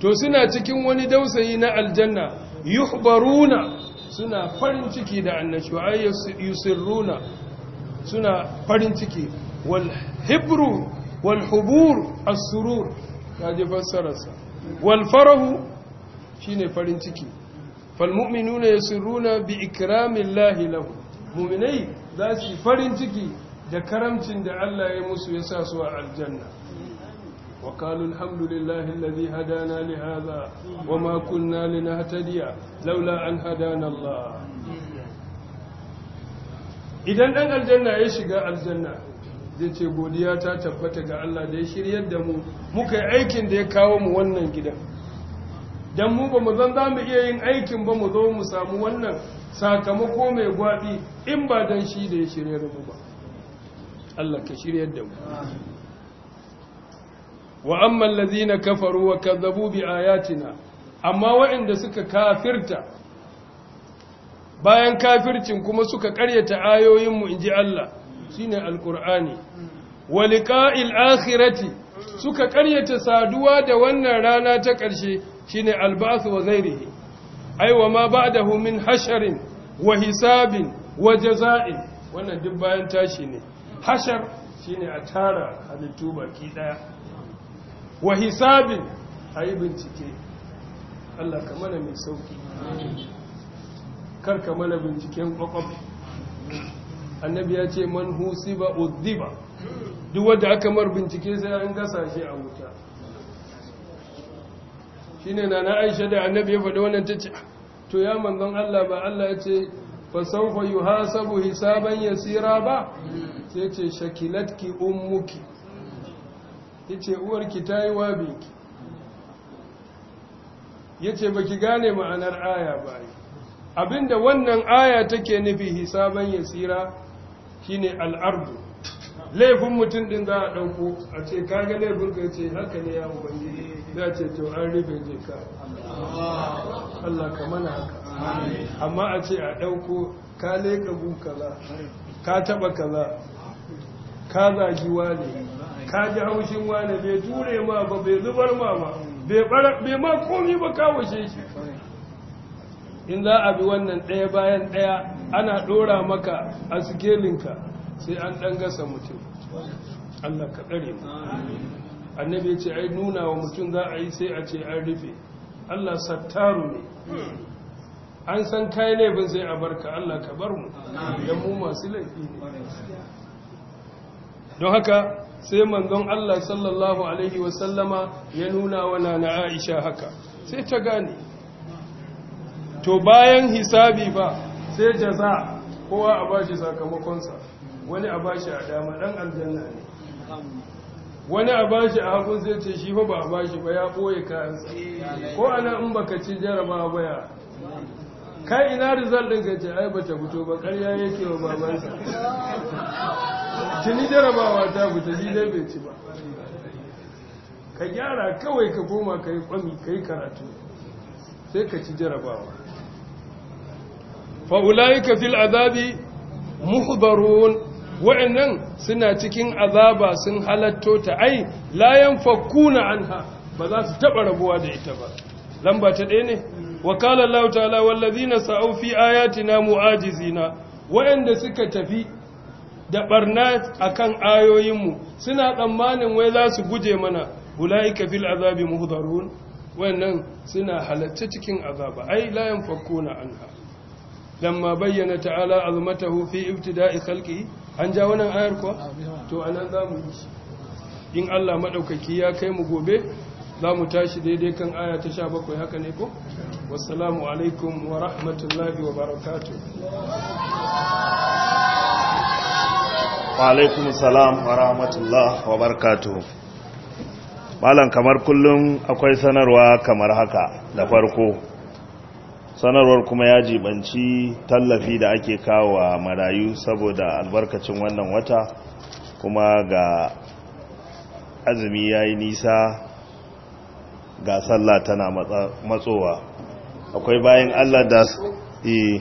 to suna cikin wani dausayi na aljanna yuhbaruna suna farin ciki da annashuwa yusirruna suna farin ciki wal hibru wal hubur as-surur kaje fassararsa wal farahu shine farin ciki fal mu'minuna yusirruna bi ikramillahi lahu mu'minai za su farin ciki da karamcin da Allah ya musu ya sa su a aljanna وقالوا الحمد لله الذي هدانا لهذا وما كنا لنهتدي لولا أن هدانا الله idan ɗan aljanna ya shiga aljanna zai ce godiya ta tabbata ga Allah da ya shirya da mu muka yi aikin da ya kawo mu wannan gidan don mu ba mu zan za mu iya yin aikin ba mu zo mu samu wannan sakamako mai gwaɗi in ba don shi da ya shiryar mu ba Allah ka shiryar da mu wa amman lazina kafaru wa kazzabu bi amma waɗanda suka kafirta bayan kafircin kuma suka ƙaryata ayoyinmu in ji Allah shine alqur'ani wa liqa'il suka ƙaryata saduwa da wannan rana ta ƙarshe shine alba'th wa ghairihi ai wa ma ba'dahu hasharin wa hisabin wa jaza'in wannan duk bayan tashi ne hashar shine a tara halittu baki ɗaya. wa hisabin a yi bincike Allah ka mana mai sauki kar ka mana binciken kwakwaf annabi ya ce man husi ba ba duk wadda aka mar bincike sai an gasa shi a wuta shi ne na aisha da annabi ya faɗi wannan ta ce to ya manzon Allah ba Allah ya ce fasaufa hasabu hisaban yasira ba sai ce shakilatki ummuki ya ce uwarki ta yi wabinki ya ce ba ki gane ma'anar aya ba abinda wannan aya take nufi hisaban ya tsira shi ne al'ardu laifin mutum ɗin za a ɗauko a ce kaga laifin ka ce haka ne ya ubangi za ce to an rufe je ka Allah ka mana haka amma a ce a ɗauko ka leƙa bu kaza ka taɓa kaza ka zagi wale ka ji haushin wane bai ture ma ba bai zubar ma ba bai ma komi ba kawo washe shi in za a bi wannan ɗaya bayan ɗaya ana ɗora maka a sikelinka sai an ɗan gasa mutum Allah ka ɗare mu annabi ce ai nuna wa mutum za a yi sai a ce an rufe Allah sattaru ne an san kai laifin sai a barka Allah ka bar mu yan mu masu laifi ne don haka sai manzon Allah sallallahu alaihi wasallama ya nuna wa nana Aisha haka sai ta gane to bayan hisabi ba sai jaza kowa a bashi sakamakonsa wani a bashi a dama dan aljanna ne wani a bashi a hagun sai ce shi fa ba a bashi ba ya boye kayan ko ana in baka ci jaraba baya kai ina rizal din ka ce ai bata fito ba karya yake wa babansa tuni jarabawa ta fita dai bai ci ba ka gyara kawai ka koma ka yi kwami ka yi karatu sai ka ci jarabawa fa'ula'ika fil azabi muhbarun wa'annan suna cikin azaba sun halatto ta ai layan fakuna anha ba za su taɓa rabuwa da ita ba lamba ta ɗaya ne wakala lauta lawallazina sa'au fi ayatina mu'ajizina wa'anda suka tafi da barna akan ayoyinmu suna tsammanin wai za su guje mana ulaika fil azabi muhdarun wannan suna halatta cikin azaba ai la yanfakuna anha lamma bayyana ta'ala azmatahu fi ibtida'i khalqi an ja wannan ayar ko to anan mu yi in Allah madaukaki ya kai mu gobe za mu tashi daidai kan aya ta 17 haka ne ko wassalamu alaikum wa rahmatullahi wa barakatuh alaikum salam wa rahmatullah wa barkatu malam kamar kullum akwai sanarwa kamar haka da farko sanarwar kuma ya jibanci tallafi da ake kawo marayu saboda albarkacin wannan wata kuma ga azumi ya yi nisa ga sallah tana matsowa akwai bayan allah da eh,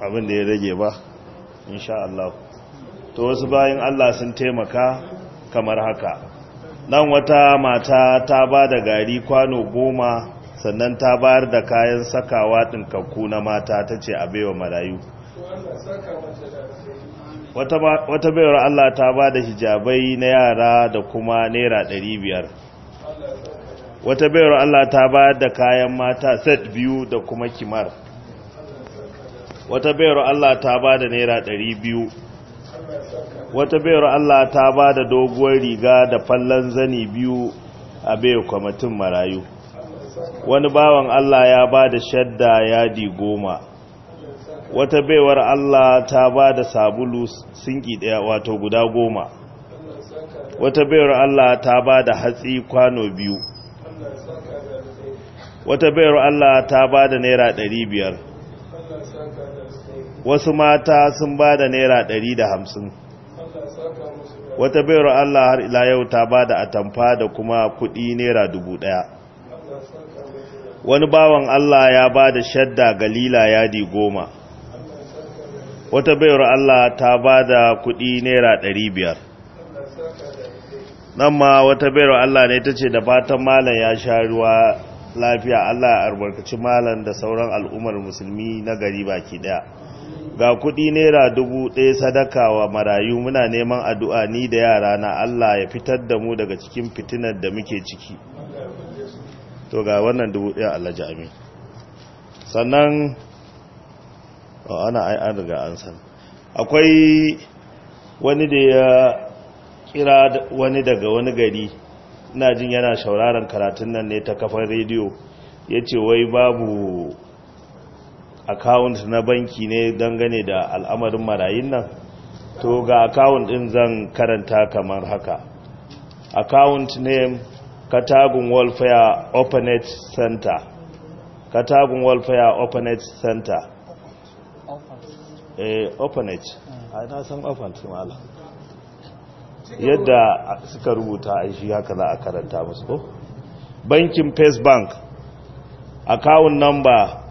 abin da ya rage ba insha Allah to wasu bayan Allah sun taimaka kamar haka nan wata mata ta ba da gari kwano goma sannan ta bayar da kayan sakawa ɗin ɗinkakku na mata ta ce a baiwa marayu wata baiwar Allah ta ba da hijabai na yara da kuma naira ɗari biyar wata baiwar Allah ta ba da kayan mata set biyu da kuma kimar wata bayar Allah ta ba da naira ɗari biyu wata bayar Allah ta ba da doguwar riga da fallon zani biyu a bayar kwamitin marayu wani bawan Allah ya ba da shadda yadi goma wata baiwar Allah ta ba da sabulu sinki ɗaya wato guda goma wata bayar Allah ta ba da hatsi kwano biyu wata bayar Allah ta ba da naira ɗari biyar wasu mata sun ba da naira ɗari da hamsin wata bayarwa Allah har ila yau ta ba da atamfa da kuma kuɗi naira dubu ɗaya wani bawan Allah ya ba da shadda galila yadi goma wata bayarwa Allah ta ba da kuɗi naira ɗari biyar nan ma wata bayarwa Allah ne ta ce da fatan malam ya sha ruwa lafiya Allah ya albarkaci malam da sauran al'ummar musulmi na gari baki ɗaya. ga kudi naira dubu ɗaya sadaka wa marayu muna neman addu'a ni da yara na Allah ya fitar da mu daga cikin fitinar da muke ciki to ga wannan dubu ɗaya Allah jami sannan ana ai an riga an san akwai wani da ya kira wani daga wani gari ina jin yana shauraran karatun nan ne ta kafar rediyo ya ce wai babu account na banki ne dangane da al'amarin marayun nan to ga account din zan karanta kamar haka account name katagun welfare openet center katagun welfare openet center eh openet a na san openet mala yadda suka rubuta a shi haka za a karanta musu ko bankin face bank account number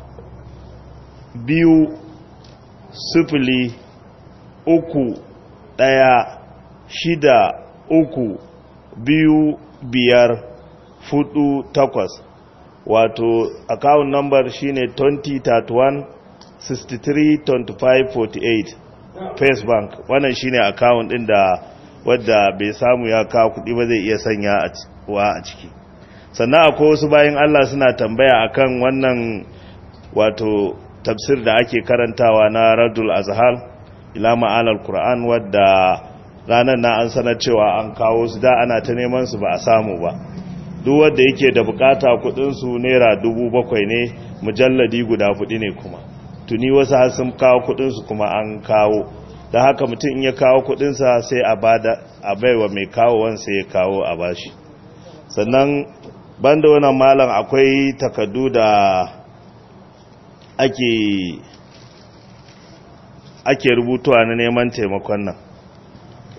biyu sifili uku ɗaya shida uku biyu biyar fudu takwas wato account number shine 2031 63 25 48 face bank wannan shine account din da wadda bai samu ya kawo kudi ba zai iya sanya wa a ciki sannan akwai wasu bayan Allah suna tambaya akan wannan wato tafsir da ake karantawa na radul azhar ila ma'anar qur'an wadda ranar na an sanar cewa an kawo su da ana ta neman su ba a samu ba duk wanda yake da bukata kudin su naira bakwai ne mujalladi guda fudi ne kuma tuni wasu har sun kawo kudin su kuma an kawo da haka mutum in ya kawo kudin sa sai a bada a baiwa mai wan sai ya kawo a bashi sannan banda wannan malam akwai takaddu da ake ake rubutuwa na neman taimakon nan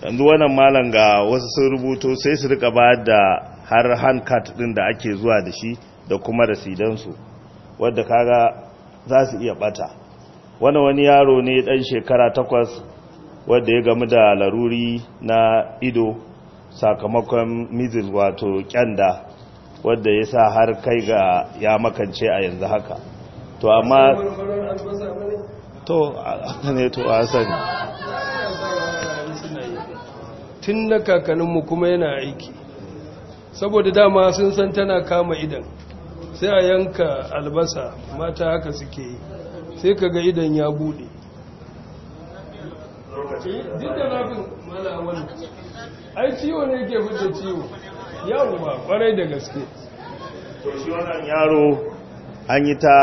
yanzu wannan malam ga wasu sun rubuto sai su rika ba da har handcart din da ake zuwa da shi da kuma rasidansu wadda kaga za su iya bata wani wani yaro ne dan shekara takwas wadda ya gamu da laruri na ido sakamakon mizil wato kyanda wadda ya sa har kai ga ya makance a yanzu haka to amma to ne to a sani tun na kakaninmu kuma yana aiki saboda dama sun san tana kama idan sai a yanka albasa mata haka suke yi sai ka ga idan ya bude ai ciwo ne ke fita ciwo yawon ba kwarai da gaske to shi wannan yaro an yi ta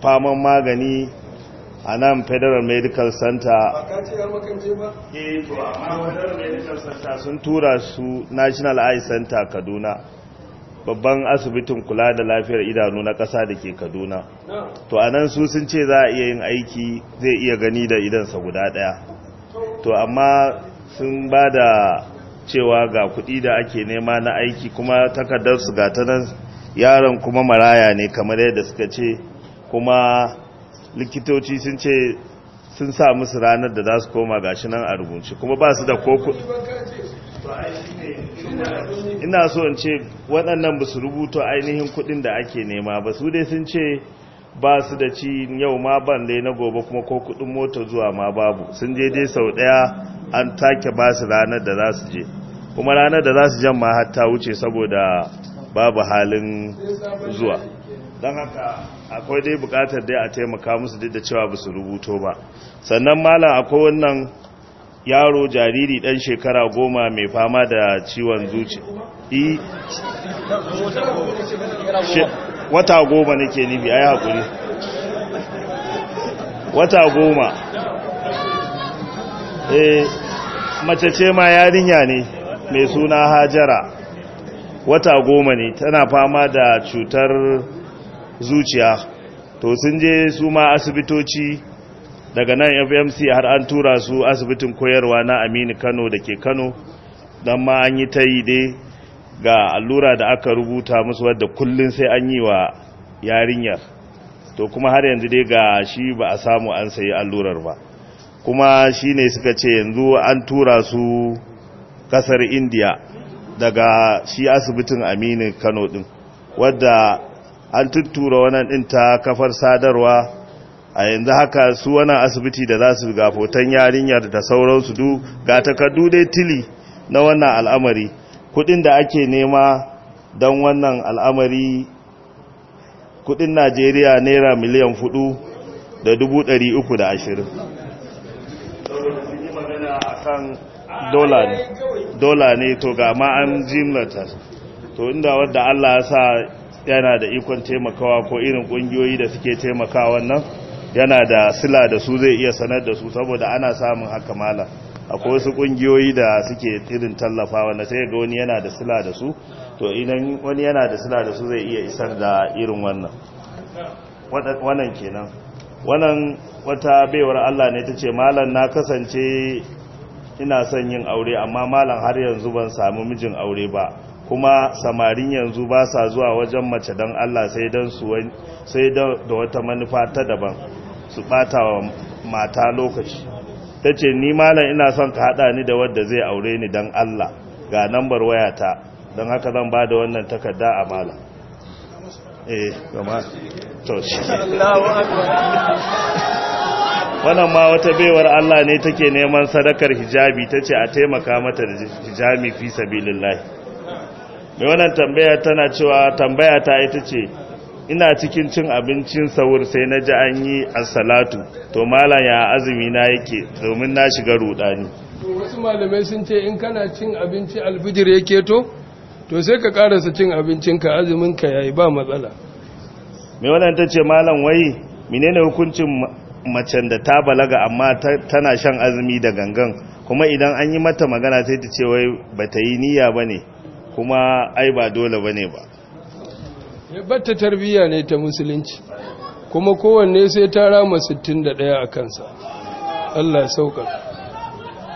faman magani a nan eh, federal medical center sun tura su national eye center kaduna babban asibitin kula da lafiyar idanu na ƙasa da ke kaduna to a nan su sun ce za a iya yin aiki zai iya gani da idansa guda ɗaya to amma sun ba da cewa ga kuɗi da ake nema na aiki kuma takardarsu ga ta nan yaron kuma maraya ne kamar yadda suka ce kuma likitoci sun ce sun sa musu ranar da za su koma gashi nan a rubuce kuma ba su da koko ina so in ce waɗannan ba su rubuto ainihin kuɗin da ake nema ba su dai sun ce ba su da ci yau ma ban dai na gobe kuma ko kuɗin mota zuwa ma babu sun je dai sau ɗaya an take ba su ranar da za su je kuma ranar da za su jan ma hatta wuce saboda babu halin zuwa don haka akwai dai bukatar dai a taimaka musu duk da cewa ba su rubuto ba sannan malam akwai wannan yaro jariri dan shekara goma mai fama da ciwon zuci e, wata goma nake nibi a yi wata goma eh, mace ce ma yarinya ne mai suna hajara wata goma ne tana fama da cutar zuciya to sun je su ma asibitoci daga nan fmc har an tura su asibitin koyarwa na aminu kano da ke kano don ma an yi ta yi dai ga allura da aka rubuta musu wadda kullum sai an yi wa yarinyar to kuma har yanzu dai ga shi ba a samu an sayi allurar ba kuma shi ne suka ce yanzu an tura su kasar indiya daga shi asibitin aminu kano din wadda an tuttura wannan din ta kafar sadarwa a yanzu haka su wannan asibiti da za su ga foton yarinyar da sauransu du ga takardu dai tili na wannan al'amari kudin da ake nema don wannan al'amari kudin najeriya naira miliyan fudu da dubu ɗari uku da ashirin kan dola ne dola ne to ga ma an jimlata to inda wadda Allah ya sa yana da ikon taimakawa ko irin kungiyoyi da suke taimakawa wannan yana da sila da su zai iya sanar da su saboda ana samun haka mala akwai wasu kungiyoyi da suke irin tallafa wanda sai ga wani yana da sila da su to idan wani yana da sila da su zai iya isar da irin wannan wannan kenan wannan wata baiwar Allah ne ta ce malam na kasance ina son yin aure amma malam har yanzu ban samu mijin aure ba kuma samarin yanzu ba sa zuwa wajen mace don Allah sai don da wata manufa ta daban su bata wa mata lokaci ta ce ni malam ina son ka haɗa ni da wadda zai aure ni don Allah ga nambar ta don haka zan ba da wannan takarda a malam eh gama wannan ma wata baiwar Allah ne take neman sadakar hijabi ta ce a taimaka mata da hijabi fi sabilillah mai wannan tambaya tana cewa tambaya ta ita ce ina cikin cin abincin sahur sai na ji an yi as-salatu to malam ya azumi na yake domin na shiga rudani wasu malamai sun ce in kana cin abinci alfijir yake to to sai ka karasa cin abincinka azuminka yayi ba matsala mai wannan ta ce malam wai menene hukuncin macen da ta balaga amma tana shan azumi da gangan kuma idan an yi mata magana sai ta ce wai ba ta yi niyya ba ne kuma ai ba dole ba ne ba batta tarbiyya ne ta musulunci kuma kowanne sai ta rama 61 a kansa Allah sauka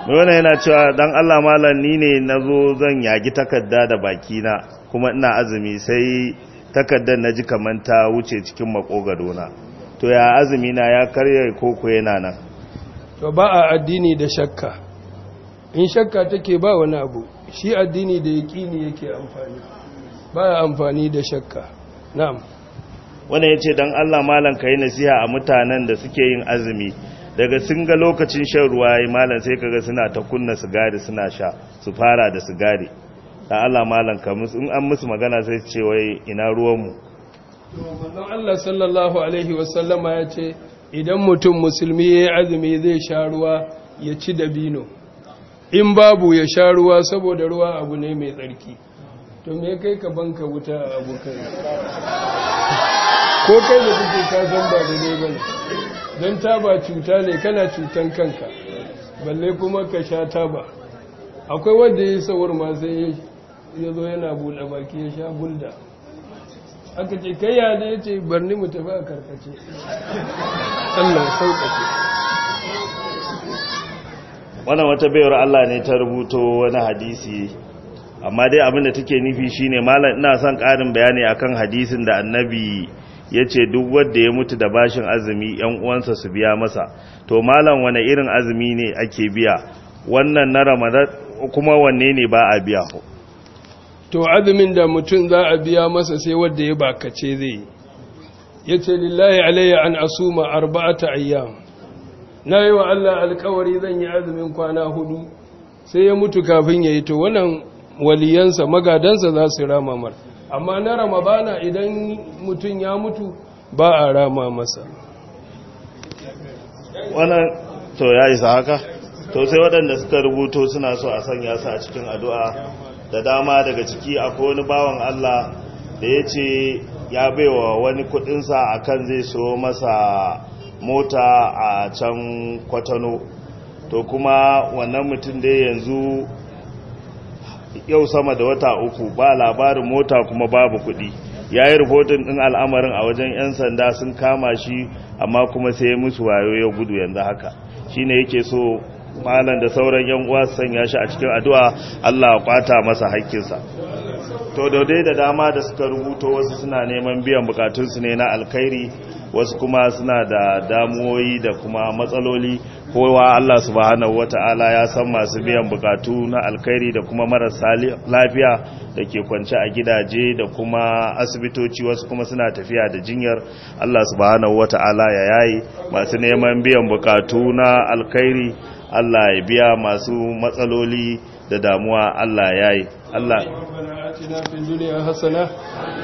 wani yana cewa dan Allah malar ni ne na zo zan yagi takarda da bakina kuma ina azumi sai takardar na ji kamanta wuce cikin makogarona to ya azumi na ya ko koko yana nan to ba a addini da shakka in shakka take ba wani abu shi addini da yaqini yake amfani ba ya amfani da shakka na'am wanda ya ce don allah malam ka yi nasiha a mutanen da suke yin azumi daga sun ga lokacin shan ruwa ya yi malam sai kaga suna ta kunna sigari suna sha su fara da sigari da allah malam ka musu in an musu magana sai ce wai ina ruwanmu Allah sallallahu alaihi wasallama ya ce idan mutum musulmi ya yi azumi zai sha ruwa ya ci dabino in babu ya sha ruwa saboda ruwa abu ne mai tsarki to me kai ka banka wuta a abokai ko kai da kuke kasan ba da ne ba don taba cuta ne kana cutan kanka balle kuma ka sha taba akwai wanda ya yi sawar ma sai ya zo yana buɗe baki ya sha bulda aka ce kai ya ne ce barni mu tafi a karkace Allah sauƙaƙe wannan wata bayar Allah ne ta rubuto wani hadisi amma dai abin da take nufi shine malam ina son ƙarin bayani akan hadisin da annabi ya ce duk wadda ya mutu da bashin azumi yan uwansa su biya masa to malam wane irin azumi ne ake biya wannan na ramadan kuma wanne ne ba a biya to azumin da mutum za a biya masa sai wadda ya bakace zai yi ya ce lillahi alayya an asuma arba'ata ayyam na yi wa Allah alkawari zan yi azumin kwana hudu sai ya mutu kafin ya yi to wannan waliyansa magadansa za su rama mar amma na ramabana idan mutum ya mutu ba a rama masa wannan to ya isa haka to sai waɗanda suka rubuto suna so a sanya su a cikin addu'a da dama daga ciki akwai wani bawan Allah da ya ce ya baiwa wani kudinsa akan zai so masa mota a can kwatano to kuma wannan mutum da yanzu yau sama da wata uku ba labarin mota kuma babu kudi ya yi rahoton ɗin al'amarin a wajen 'yan sanda sun kama shi amma kuma sai musu wayo ya gudu yanzu haka shi ne yake so malam da sauran yan uwa su sanya shi a cikin addu'a Allah ya kwata masa haƙƙinsa to dai da dama da suka rubuto wasu suna neman biyan bukatunsu ne na alkhairi wasu kuma suna da damuwoyi da kuma matsaloli kowa Allah subhanahu wata'ala ya san masu biyan bukatu na alkhairi da kuma marasa lafiya da ke kwance a gidaje da kuma asibitoci wasu kuma suna tafiya da jinyar Allah subhanahu wata'ala ya yayi masu neman biyan bukatu na alkhairi Allah ya biya masu matsaloli da damuwa Allah ya yi Allah آتنا في الدنيا حسنة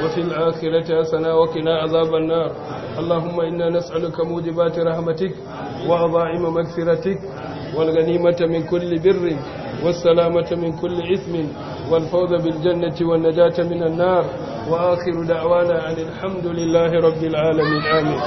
وفي الآخرة حسنة وقنا عذاب النار اللهم إنا نسألك موجبات رحمتك وعظائم مغفرتك والغنيمة من كل بر والسلامة من كل إثم والفوز بالجنة والنجاة من النار وآخر دعوانا أن الحمد لله رب العالمين آمين